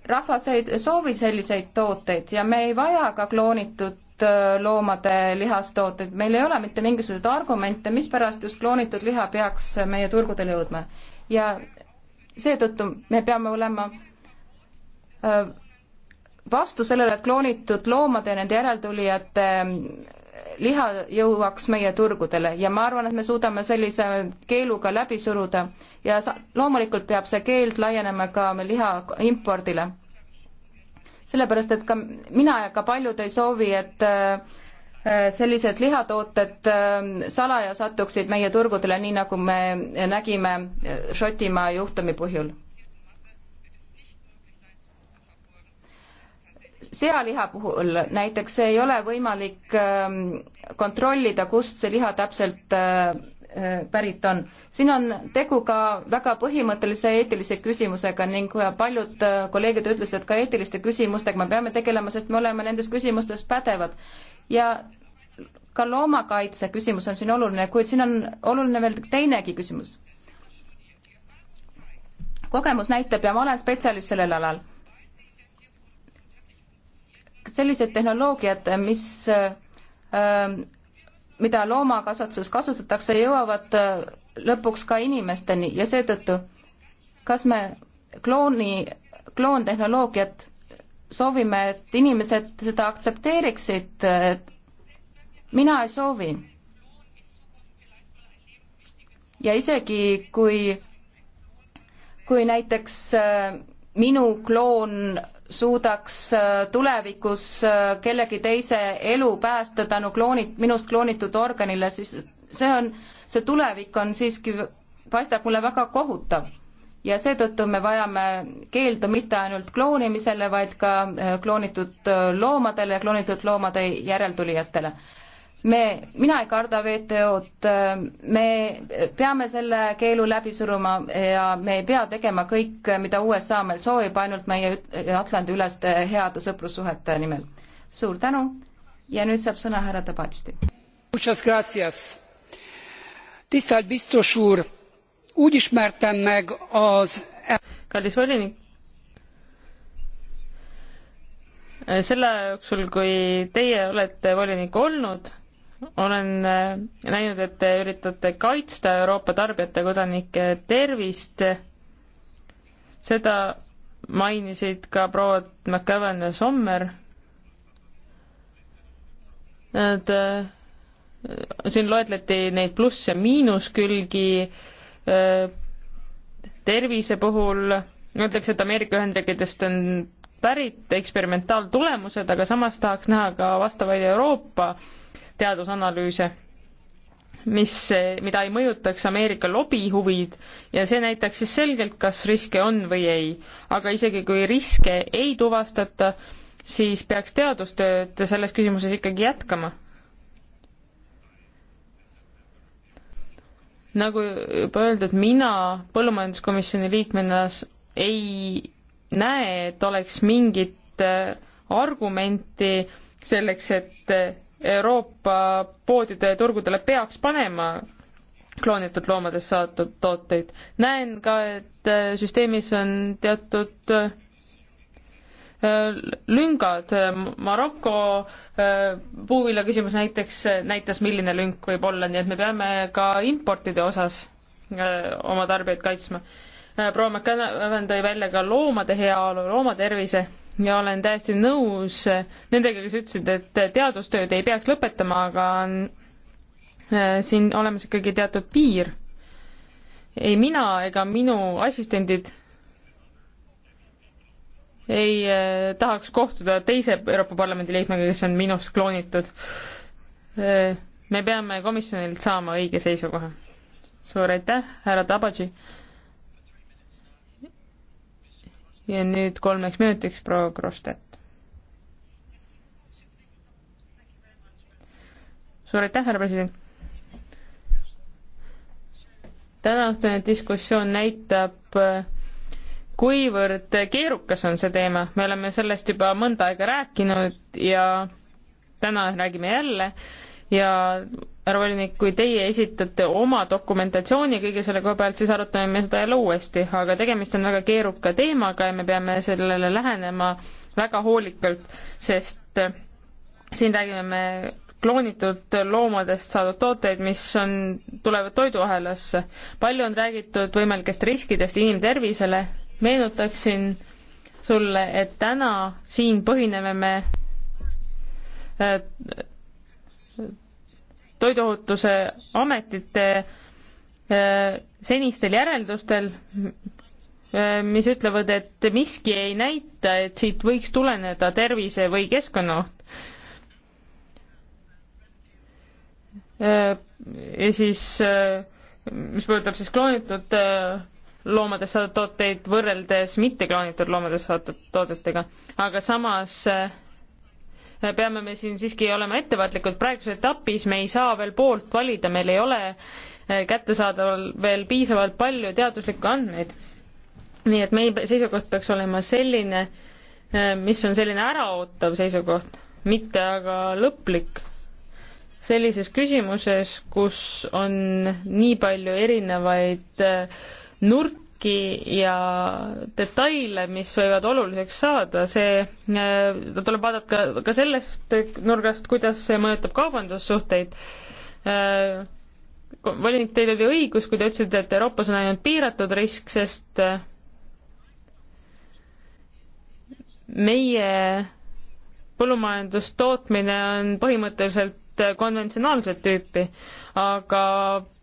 S3: rahvas ei soovi selliseid tooteid ja me ei vaja ka kloonitud kloonitud äh, lihastooteid, meil ei ole mitte mingisuguseid argumente, mispärast just kloonitud liha peaks meie turgudele jõudma. ja seetõttu me peame olema äh, vastu sellele, et kloonitud loomade ja nende järeltulijate äh, liha jõuaks meie turgudele ja ma arvan, et me suudame sellise keeluga läbi suruda ja sa-, loomulikult peab see keeld laienema ka liha impordile sellepärast et ka mina ja ka paljud ei soovi, et äh, sellised lihatooted äh, salaja satuksid meie turgudele, nii nagu me nägime äh, Šotimaa juhtumi põhjul. sealiha puhul näiteks ei ole võimalik ähm, kontrollida, kust see liha täpselt pärit on. siin on tegu ka väga põhimõttelise eetilise küsimusega ning paljud äh, kolleegid ütlesid, et ka eetiliste küsimustega me peame tegelema, sest me oleme nendes küsimustes pädevad. ja ka loomakaitse küsimus on siin oluline, kuid siin on oluline veel teinegi küsimus. kogemus näitab ja ma olen spetsialist sellel alal, sellised tehnoloogiad, mis äh, mida loomakasvatuses kasutatakse, jõuavad äh, lõpuks ka inimesteni ja seetõttu, kas me klooni, kloontehnoloogiat soovime, et inimesed seda aktsepteeriksid, mina ei soovi. ja isegi, kui, kui näiteks äh, minu kloon suudaks äh, tulevikus äh, kellegi teise elu päästa tänu kloonid, minust kloonitud organile, siis see on, see tulevik on siiski, paistab mulle väga kohutav. ja seetõttu me vajame keeldu mitte ainult kloonimisele, vaid ka äh, kloonitud loomadele ja kloonitud loomade järeltulijatele me, mina ei karda WTO-d, me peame selle keelu läbi suruma ja me ei pea tegema kõik, mida USA meilt soovib, ainult meie Atlandi-üleste heade sõprussuhete nimel. suur tänu ja nüüd saab sõna härra Tabajsti.
S1: tisztelt biztos úr, úgy ismertem meg az kallis volinik, selle jooksul, kui teie olete volinik olnud, olen äh, näinud, et te üritate kaitsta Euroopa tarbijate ja kodanike tervist. seda mainisid ka prouad McEwan ja Sommer. Nad, äh, siin loetleti neid pluss- ja miinuskülgi äh, tervise puhul, ma ütleks, et Ameerika Ühendriikidest on pärit eksperimentaaltulemused, aga samas tahaks näha ka vastavaid Euroopa äh, teadusanalüüse, mis, mida ei mõjutaks Ameerika lobihuvid ja see näitaks siis selgelt, kas riske on või ei. aga isegi kui riske ei tuvastata, siis peaks teadustööd selles küsimuses ikkagi jätkama. nagu juba öeldud, mina põllumajanduskomisjoni liikmena ei näe, et oleks mingit äh, argumenti selleks, et äh, Euroopa poodide ja turgudele peaks panema kloonitud loomadest saadud tooteid. näen ka, et äh, süsteemis on teatud äh, lüngad, Maroko äh, puuvilja küsimus näiteks näitas, milline lünk võib olla, nii et me peame ka importide osas oma tarbijaid kaitsma. proua McCann tõi välja ka loomade heaolu, looma tervise ja olen täiesti nõus nendega, kes ütlesid, et teadustööd ei peaks lõpetama, aga on äh, siin olemas ikkagi teatud piir. ei mina ega minu assistendid ei äh, tahaks kohtuda teise Euroopa Parlamendi liikmega, kes on minust kloonitud. Äh, me peame komisjonilt saama õige seisukoha. suur aitäh, härra Tabadži ja nüüd kolmeks minutiks proua Krosstet. suur aitäh, härra president! tänaõhtune diskussioon näitab, kuivõrd keerukas on see teema, me oleme sellest juba mõnda aega rääkinud ja täna räägime jälle ja härra volinik, kui teie esitate oma dokumentatsiooni kõige selle koha pealt, siis arutame me seda jälle uuesti, aga tegemist on väga keeruka teemaga ja me peame sellele lähenema väga hoolikalt, sest siin räägime me kloonitud loomadest saadud tooteid, mis on, tulevad toiduahelasse. palju on räägitud võimalikest riskidest inimtervisele, meenutaksin sulle, et täna siin põhineme me äh, toiduohutuse ametite äh, senistel järeldustel, äh, mis ütlevad, et miski ei näita, et siit võiks tuleneda tervise- või keskkonnaoht. Äh, ja siis, mis puudutab siis kloonitud loomadest saadud tooteid võrreldes mitte kloonitud loomadest saadud toodetega, aga samas äh, peame me siin siiski olema ettevaatlikud, praeguses etapis me ei saa veel poolt valida, meil ei ole eh, kättesaadaval veel piisavalt palju teaduslikke andmeid. nii et meie seisukoht peaks olema selline, eh, mis on selline äraootav seisukoht, mitte aga lõplik. sellises küsimuses, kus on nii palju erinevaid eh, nurki, kõiki ja detaile, mis võivad oluliseks saada, see äh, tuleb vaadata ka, ka sellest nurgast, kuidas see mõjutab kaubandussuhteid. Äh, volinik, teil oli õigus, kui te ütlesite, et Euroopas on ainult piiratud risk, sest äh, meie põllumajandustootmine on põhimõtteliselt ainult äh, konventsionaalset tüüpi, aga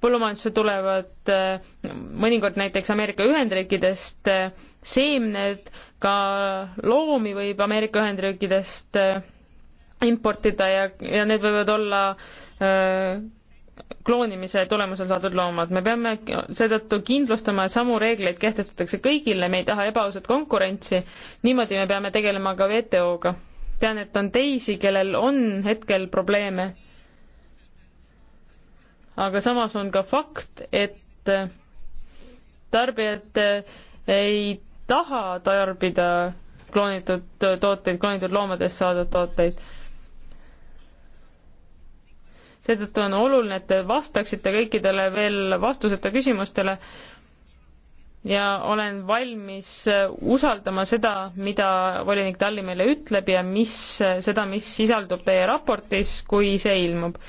S1: põllumajandusse tulevad äh, mõnikord näiteks Ameerika Ühendriikidest äh, seemned, ka loomi võib Ameerika Ühendriikidest importida ja, ja need võivad olla kloonimise tulemusel saadud loomad. me peame seetõttu kindlustama, samu reegleid kehtestatakse kõigile, me ei taha ebaausat konkurentsi, niimoodi me peame tegelema ka WTO-ga. tean, et on teisi, kellel on hetkel probleeme aga samas on ka fakt, et tarbijad ei taha tarbida kloonitud tooteid, kloonitud loomadest saadud tooteid. seetõttu on oluline, et te vastaksite kõikidele veel vastuseta küsimustele ja olen valmis usaldama seda, mida volinik Talli meile ütleb ja mis, seda, mis sisaldub teie raportis, kui see ilmub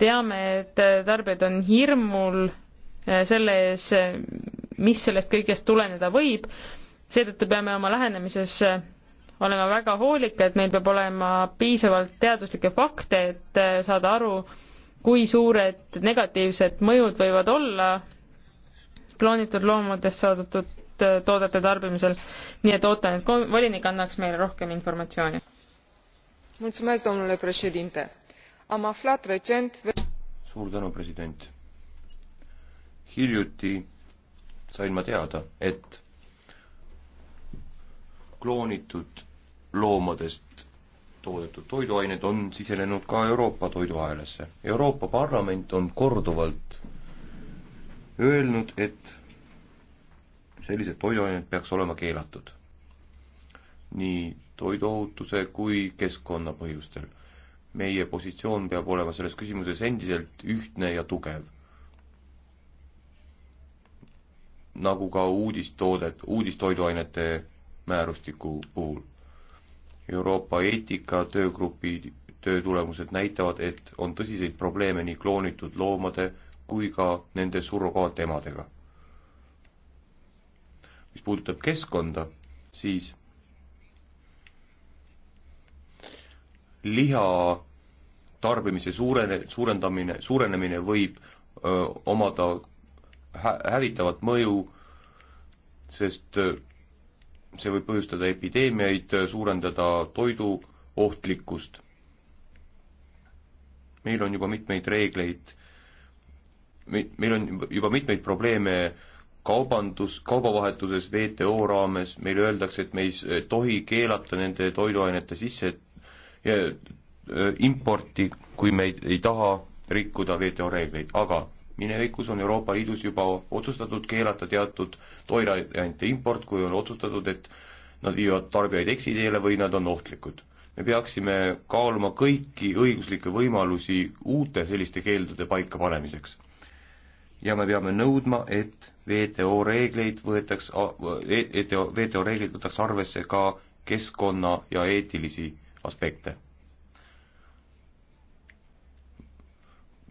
S1: teame, et tarbijad on hirmul eh, selle ees, eh, mis sellest kõigest tuleneda võib, seetõttu peame oma lähenemises eh, olema väga hoolikad, meil peab olema piisavalt teaduslikke fakte, et saada aru, kui suured negatiivsed mõjud võivad olla kloonitud loomadest saadud toodete tarbimisel. nii et ootan, et volinik annaks meile rohkem informatsiooni. mulțumesc, domnule președinte am aflat recent
S2: suur tänu, president. hiljuti sain ma teada, et kloonitud loomadest toodetud toiduained on sisenenud ka Euroopa toiduahelasse. Euroopa Parlament on korduvalt öelnud, et sellised toiduained peaks olema keelatud. nii toiduohutuse kui keskkonna põhjustel meie positsioon peab olema selles küsimuses endiselt ühtne ja tugev. nagu ka uudistoodet, uudistoiduainete määrustiku puhul. Euroopa eetika töögrupi töö tulemused näitavad, et on tõsiseid probleeme nii kloonitud loomade kui ka nende surrogaatemadega. mis puudutab keskkonda, siis liha tarbimise suurene, suurendamine, suurenemine võib öö, omada hä hävitavat mõju, sest öö, see võib põhjustada epideemiaid, suurendada toidu ohtlikkust. meil on juba mitmeid reegleid, meil on juba mitmeid probleeme kaubandus, kaubavahetuses WTO raames, meile öeldakse, et me ei tohi keelata nende toiduainete sisse importi, kui me ei, ei taha rikkuda WTO reegleid, aga minevikus on Euroopa Liidus juba otsustatud keelata teatud toiduainete import, kui on otsustatud, et nad viivad tarbijaid eksiteele või nad on ohtlikud. me peaksime kaaluma kõiki õiguslikke võimalusi uute selliste keeldude paikapanemiseks. ja me peame nõudma, et WTO reegleid võetaks, e-, WTO, WTO reeglid võtaks arvesse ka keskkonna ja eetilisi aspekte.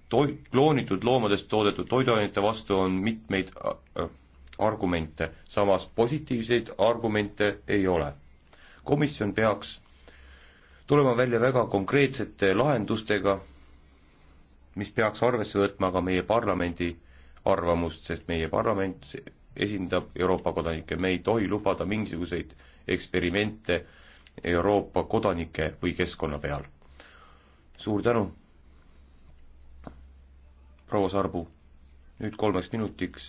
S2: toi-, kloonitud loomadest toodetud toiduainete vastu on mitmeid äh, äh, argumente, samas positiivseid argumente ei ole. komisjon peaks tulema välja väga konkreetsete lahendustega, mis peaks arvesse võtma ka meie parlamendi arvamust, sest meie parlament esindab Euroopa kodanikke, me ei tohi lubada mingisuguseid eksperimente äh, Euroopa kodanike või keskkonna peal. suur tänu, proua Sarbu, nüüd kolmeks minutiks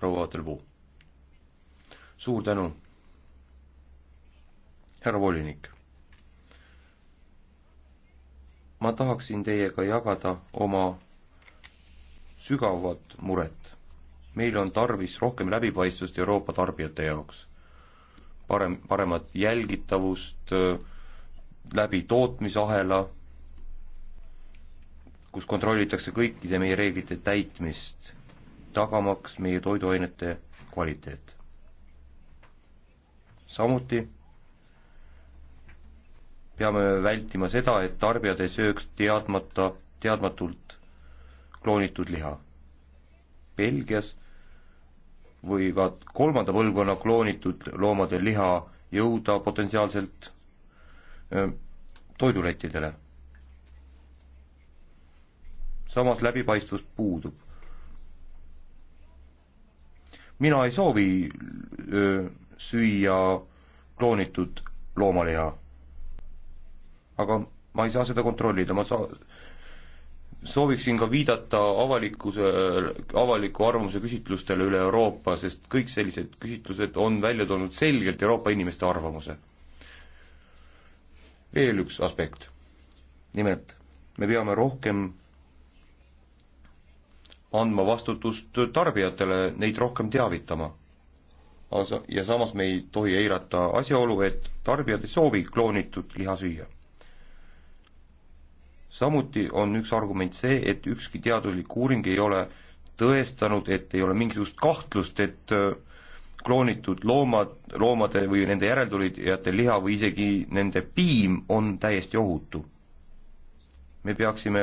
S2: proua Delvaux. suur tänu, härra volinik. ma tahaksin teiega jagada oma sügavat muret. meil on tarvis rohkem läbipaistvust Euroopa tarbijate jaoks parem, paremat jälgitavust äh, läbi tootmisahela, kus kontrollitakse kõikide meie reeglite täitmist, tagamaks meie toiduainete kvaliteet. samuti peame vältima seda, et tarbijad ei sööks teadmata, teadmatult kloonitud liha. Belgias võivad kolmanda põlvkonna kloonitud loomade liha jõuda potentsiaalselt toidulettidele. samas läbipaistvus puudub. mina ei soovi öö, süüa kloonitud loomaliha. aga ma ei saa seda kontrollida, ma saa-, sooviksin ka viidata avalikkuse, avaliku arvamuse küsitlustele üle Euroopa, sest kõik sellised küsitlused on välja toonud selgelt Euroopa inimeste arvamuse. veel üks aspekt. nimelt, me peame rohkem andma vastutust tarbijatele, neid rohkem teavitama. ja samas me ei tohi eirata asjaolu, et tarbijad ei soovi kloonitud liha süüa samuti on üks argument see, et ükski teaduslik uuring ei ole tõestanud, et ei ole mingisugust kahtlust, et äh, kloonitud loomad, loomade või nende järeltulijate liha või isegi nende piim on täiesti ohutu. me peaksime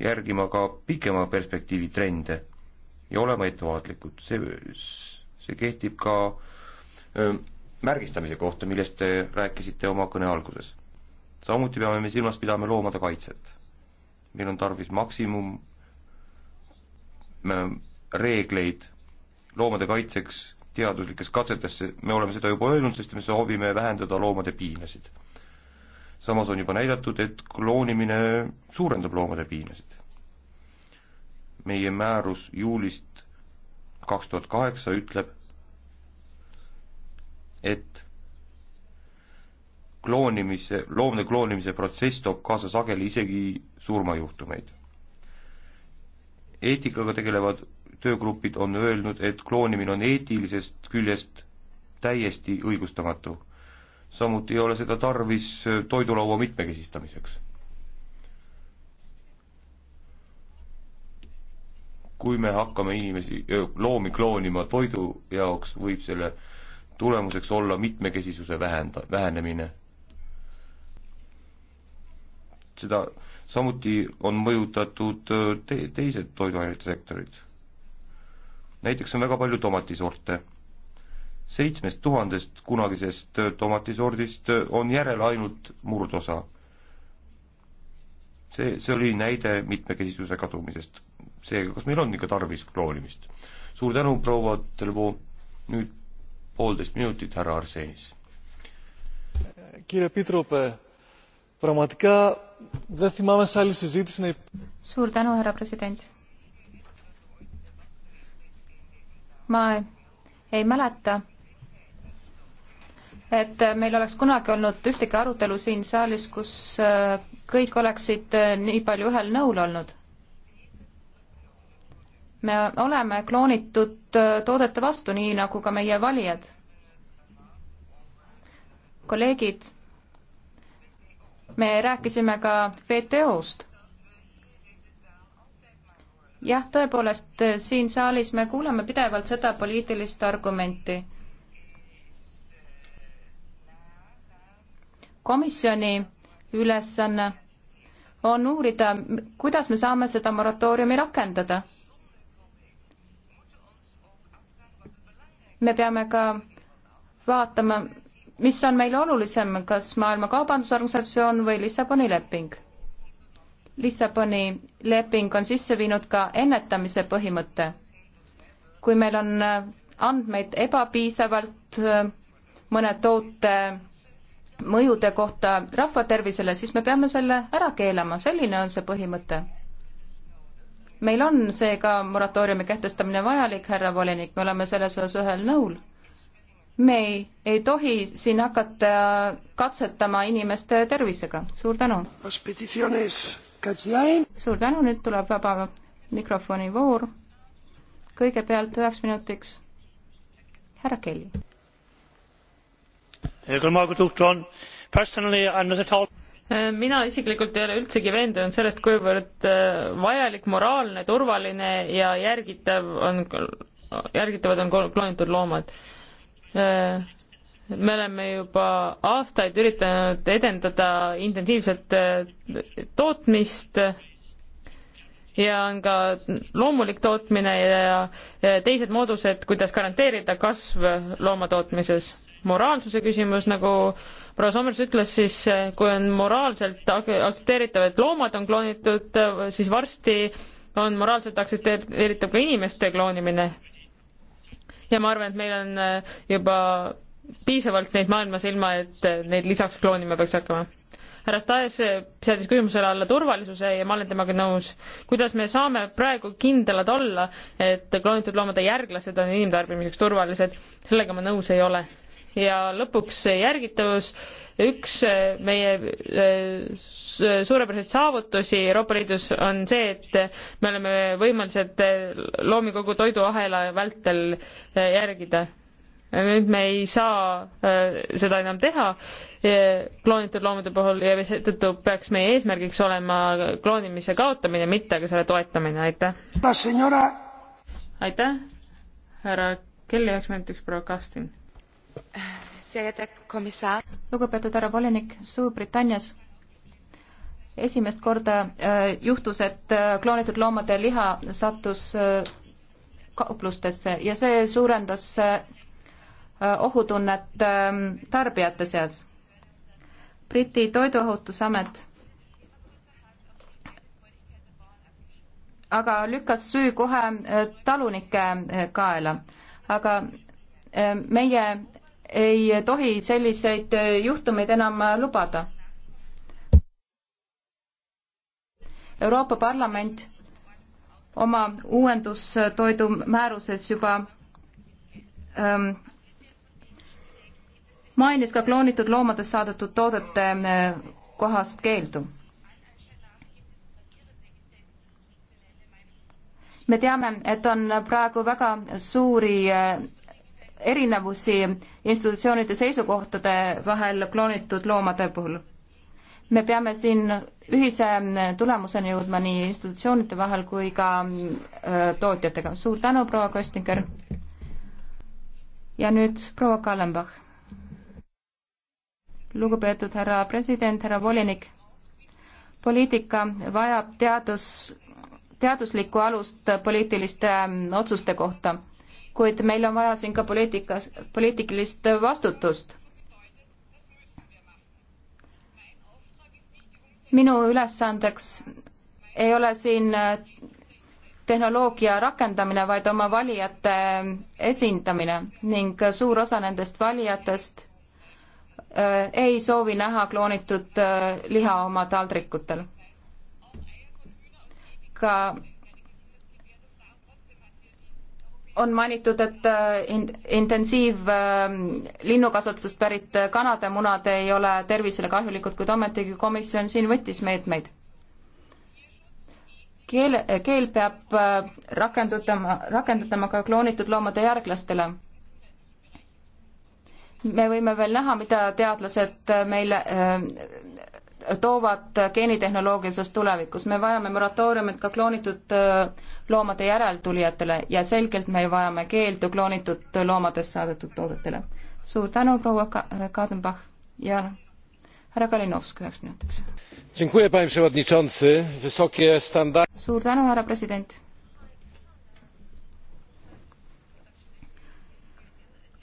S2: järgima ka pikema perspektiivi trende ja olema ettevaatlikud, see, see kehtib ka öö, äh, märgistamise kohta, millest te rääkisite oma kõne alguses. samuti peame me silmas pidama loomade kaitset meil on tarvis maksimum reegleid loomade kaitseks teaduslikes katsetes, me oleme seda juba öelnud, sest me soovime vähendada loomade piinasid. samas on juba näidatud, et kloonimine suurendab loomade piinasid. meie määrus juulist kaks tuhat kaheksa ütleb, et kloonimise, loomade kloonimise protsess toob kaasa sageli isegi surmajuhtumeid. eetikaga tegelevad töögrupid on öelnud, et kloonimine on eetilisest küljest täiesti õigustamatu. samuti ei ole seda tarvis toidulaua mitmekesistamiseks. kui me hakkame inimesi, loomi kloonima toidu jaoks, võib selle tulemuseks olla mitmekesisuse vähenda, vähenemine seda samuti on mõjutatud äh, te-, teised toiduainete sektorid. näiteks on väga palju tomatisorte. seitsmest tuhandest kunagisest äh, tomatisordist äh, on järel ainult murdosa. see, see oli näide mitmekesisuse kadumisest. seega, kas meil on ikka tarvis kloonimist? suur tänu, proua Telvo, nüüd poolteist minutit, härra Arsenis. kiire pidrupäev Πραγματικά δεν θυμάμαι σε άλλη συζήτηση να
S3: Suur tänu, härra president. Ma ei mäleta, et meil oleks kunagi olnud ühtegi arutelu siin saalis, kus äh, kõik oleksid äh, nii palju ühel nõul olnud. me oleme kloonitud äh, toodete vastu, nii nagu ka meie valijad. kolleegid me rääkisime ka WTO-st. jah, tõepoolest, siin saalis me kuuleme pidevalt seda poliitilist argumenti. komisjoni ülesanne on uurida, kuidas me saame seda moratooriumi rakendada. me peame ka vaatama, mis on meile olulisem, kas Maailma Kaubandusorganisatsioon või Lissaboni leping? Lissaboni leping on sisse viinud ka ennetamise põhimõtte. kui meil on andmeid ebapiisavalt mõne toote mõjude kohta rahvatervisele, siis me peame selle ära keelama, selline on see põhimõte. meil on seega moratooriumi kehtestamine vajalik, härra volinik, me oleme selles osas ühel nõul me ei, ei tohi siin hakata katsetama inimeste tervisega. suur tänu. suur tänu, nüüd tuleb vaba mikrofoni voor. kõigepealt üheks minutiks
S1: härra Kelly. mina isiklikult ei ole üldsegi veendunud sellest, kuivõrd äh, vajalik, moraalne, turvaline ja järgitav on, järgitavad on kloonitud loomad Äh, me oleme juba aastaid üritanud edendada intensiivset äh, tootmist ja on ka loomulik tootmine ja teised moodused, kuidas garanteerida kasv loomatootmises. moraalsuse küsimus, nagu proua Sommers ütles, siis äh, kui on moraalselt aktsepteeritav, et loomad on kloonitud, siis varsti on moraalselt aktsepteeritav ka inimeste kloonimine ja ma arvan, et meil on äh, juba piisavalt neid maailmas, ilma et äh, neid lisaks kloonima peaks hakkama. härra Stahes äh, seadis küsimusele alla turvalisuse ja ma olen temaga nõus. kuidas me saame praegu kindlad olla, et kloonitud loomade järglased on inimtarbimiseks turvalised, sellega ma nõus ei ole. ja lõpuks järgitavus üks äh, meie äh, suurepäraseid saavutusi Euroopa Liidus on see, et me oleme võimelised äh, loomi kogu toiduahela vältel järgida. nüüd me ei saa seda enam teha kloonitud loomade puhul ja seetõttu peaks meie eesmärgiks olema kloonimise kaotamine, mitte aga selle toetamine, aitäh. aitäh, härra Kelly, üheks minutiks proua Kastin
S3: lugupeetud härra volinik, Suurbritannias esimest korda äh, juhtus, et äh, kloonitud loomade liha sattus äh, kauplustesse ja see suurendas äh, äh ohutunnet äh, tarbijate seas. Briti Toiduohutusamet aga lükkas süü kohe äh, talunike äh, kaela, aga äh, meie ei tohi selliseid juhtumeid enam lubada. Euroopa Parlament oma uuendustoidu määruses juba ähm, mainis ka kloonitud loomadest saadetud toodete äh, kohast keeldu. me teame, et on praegu väga suuri äh, erinevusi institutsioonide seisukohtade vahel kloonitud loomade puhul. me peame siin ühise tulemuseni jõudma nii institutsioonide vahel kui ka tootjatega. suur tänu, proua Kostinger. ja nüüd proua Kallenbach. lugupeetud härra president, härra volinik. poliitika vajab teadus, teaduslikku alust poliitiliste otsuste kohta kuid meil on vaja siin ka poliitikas, poliitilist vastutust. minu ülesandeks ei ole siin äh, tehnoloogia rakendamine, vaid oma valijate äh, esindamine ning suur osa nendest valijatest äh, ei soovi näha kloonitud äh, liha oma taldrikutel. ka on mainitud, et äh, intensiivlinnukasvatusest ähm, pärit kanademunad ei ole tervisele kahjulikud, kuid ometigi komisjon siin võttis meetmeid. keel, keel peab äh, rakendutama, rakendatama ka kloonitud loomade järglastele. me võime veel näha, mida teadlased äh, meile toovad geenitehnoloogias tulevikus, me vajame moratooriumit ka kloonitud äh, loomade järeltulijatele ja selgelt me vajame keeldu kloonitud loomadest saadetud toodetele. suur tänu, proua Kadenbach ja härra Kalinovski üheks minutiks. suur tänu, härra president.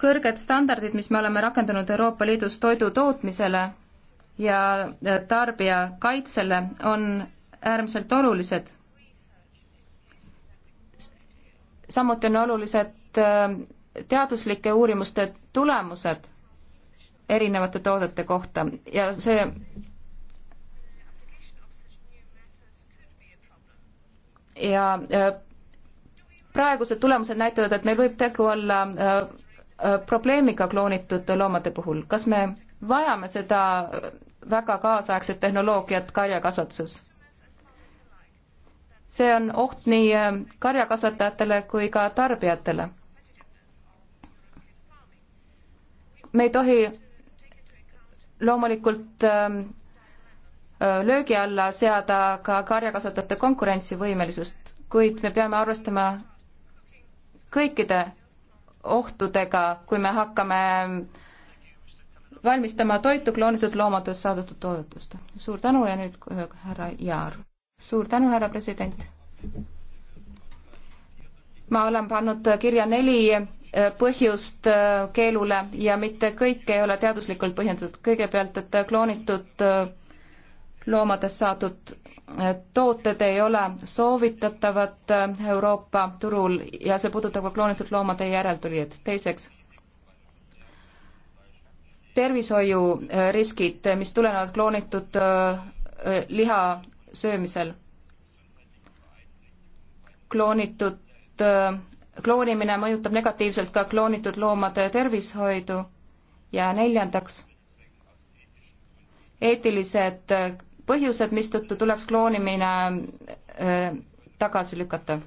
S3: kõrged standardid, mis me oleme rakendanud Euroopa Liidus toidu tootmisele ja tarbijakaitsele, on äärmiselt olulised samuti on olulised äh, teaduslike uurimuste tulemused erinevate toodete kohta ja see ja äh, praegused tulemused näitavad, et meil võib tegu olla äh, probleemiga kloonitud loomade puhul. kas me vajame seda väga kaasaegset tehnoloogiat karjakasvatuses? see on oht nii äh, karjakasvatajatele kui ka tarbijatele. me ei tohi loomulikult ähm, äh, löögi alla seada ka karjakasvatajate konkurentsivõimelisust, kuid me peame arvestama kõikide ohtudega, kui me hakkame ähm, valmistama toitu kloonitud loomadest saadetud toodetest. suur tänu ja nüüd äh, härra Jaar suur tänu, härra president. ma olen pannud kirja neli eh, põhjust eh, keelule ja mitte kõik ei ole teaduslikult põhjendatud. kõigepealt, et kloonitud eh, loomadest saadud tooted ei ole soovitatavad Euroopa turul ja see puudutab ka kloonitud loomade järeltulijaid. teiseks, tervishoiuriskid, mis tulenevad kloonitud liha söömisel. kloonitud, äh, kloonimine mõjutab negatiivselt ka kloonitud loomade tervishoidu ja neljandaks, eetilised äh, põhjused, mistõttu tuleks kloonimine äh, tagasi lükata.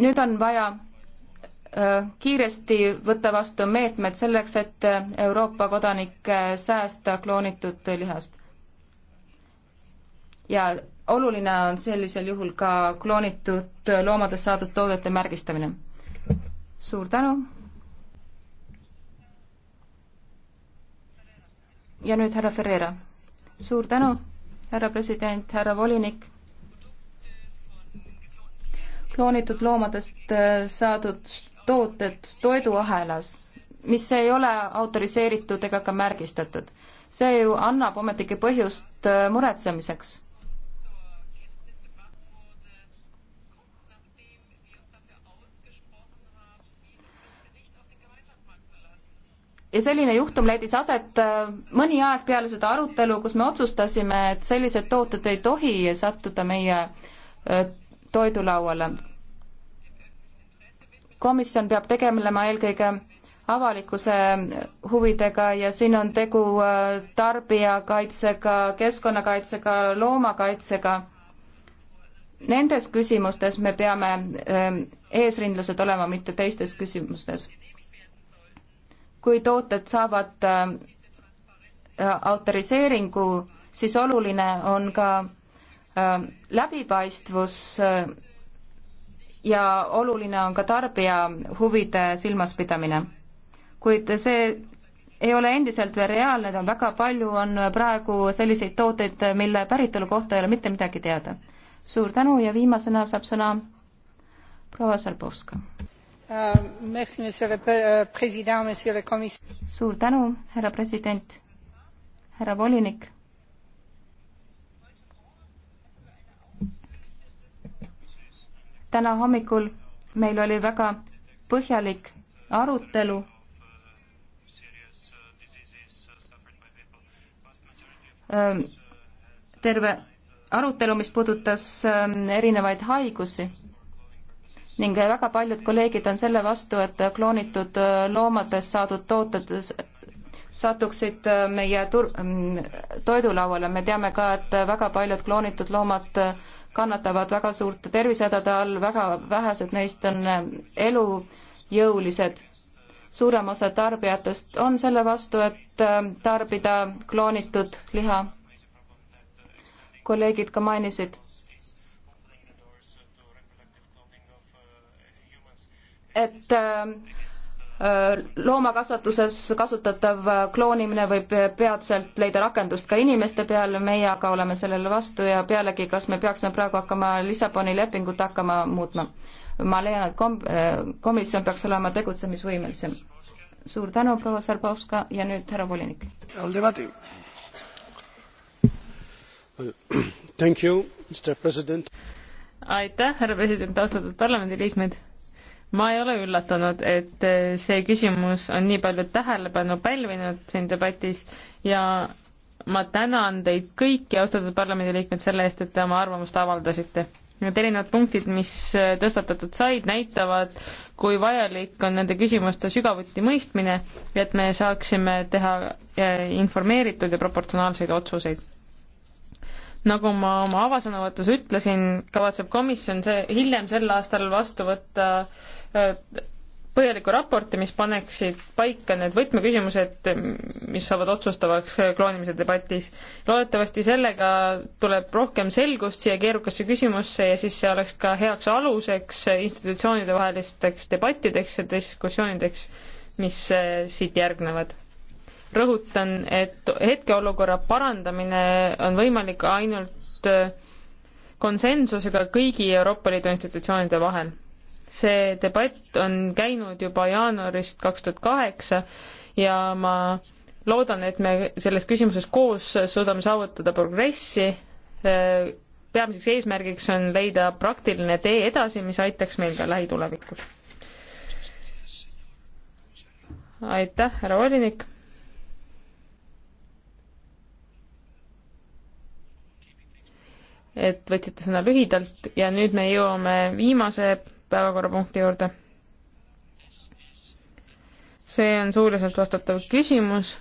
S3: nüüd on vaja Äh, kiiresti võtta vastu meetmed selleks, et äh, Euroopa kodanikke säästa kloonitud lihast. ja oluline on sellisel juhul ka kloonitud äh, loomadest saadud toodete märgistamine. suur tänu. ja nüüd härra Ferreira. suur tänu, härra president, härra volinik kloonitud loomadest saadud tooted toiduahelas, mis ei ole autoriseeritud ega ka märgistatud. see ju annab ometigi põhjust äh, muretsemiseks. ja selline juhtum leidis aset äh, mõni aeg peale seda arutelu, kus me otsustasime, et sellised tooted ei tohi sattuda meie äh, toidulauale komisjon peab tegelema eelkõige avalikkuse huvidega ja siin on tegu äh, tarbijakaitsega, keskkonnakaitsega, loomakaitsega. Nendes küsimustes me peame ähm, eesrindlased olema, mitte teistes küsimustes. kui tooted saavad äh, autoriseeringu, siis oluline on ka äh, läbipaistvus ja oluline on ka tarbija huvide silmaspidamine. kuid see ei ole endiselt veel reaalne, on väga palju, on praegu selliseid tooteid, mille päritolu kohta ei ole mitte midagi teada. suur tänu ja viimasena saab sõna proua Sarpovska. Euh, suur tänu, härra president, härra volinik täna hommikul meil oli väga põhjalik arutelu ähm, terve arutelu, mis puudutas ähm, erinevaid haigusi ning väga paljud kolleegid on selle vastu, et kloonitud äh, loomadest saadud tooted satuksid äh, meie tur-, mm, toidulauale, me teame ka, et väga paljud kloonitud loomad äh, kannatavad väga suurte tervisehädade all, väga vähesed neist on äh, elujõulised. suurem osa tarbijatest on selle vastu, et äh, tarbida kloonitud liha. kolleegid ka mainisid et äh, loomakasvatuses kasutatav kloonimine võib peatselt leida rakendust ka inimeste peal, meie aga oleme sellele vastu ja pealegi, kas me peaksime praegu hakkama Lissaboni lepingut hakkama muutma? ma leian, et kom-, komisjon peaks olema tegutsemisvõimelisem. suur tänu, proua Sarpovska
S1: ja nüüd härra volinik. aitäh, härra president, austatud parlamendiliikmed ma ei ole üllatunud, et eh, see küsimus on nii palju tähelepanu pälvinud siin debatis ja ma tänan teid kõiki, austatud parlamendiliikmed, selle eest, et te oma arvamust avaldasite. Need erinevad punktid, mis eh, tõstatatud said, näitavad, kui vajalik on nende küsimuste sügavuti mõistmine ja et me saaksime teha eh, informeeritud ja proportsionaalseid otsuseid nagu ma oma avasõnavõtus ütlesin, kavatseb komisjon see hiljem sel aastal vastu võtta põhjaliku raporti, mis paneksid paika need võtmeküsimused, mis saavad otsustavaks kloonimise debatis. loodetavasti sellega tuleb rohkem selgust siia keerukasse küsimusse ja siis see oleks ka heaks aluseks institutsioonide vahelisteks debattideks ja diskussioonideks, mis äh, siit järgnevad. rõhutan, et hetkeolukorra parandamine on võimalik ainult äh, konsensusega kõigi Euroopa Liidu institutsioonide vahel see debatt on käinud juba jaanuarist kaks tuhat kaheksa ja ma loodan, et me selles küsimuses koos suudame saavutada progressi. peamiseks eesmärgiks on leida praktiline tee edasi, mis aitaks meil ka lähitulevikus. aitäh, härra volinik. et võtsite sõna lühidalt ja nüüd me jõuame viimase päevakorrapunkti juurde. see on suuliselt vastatav küsimus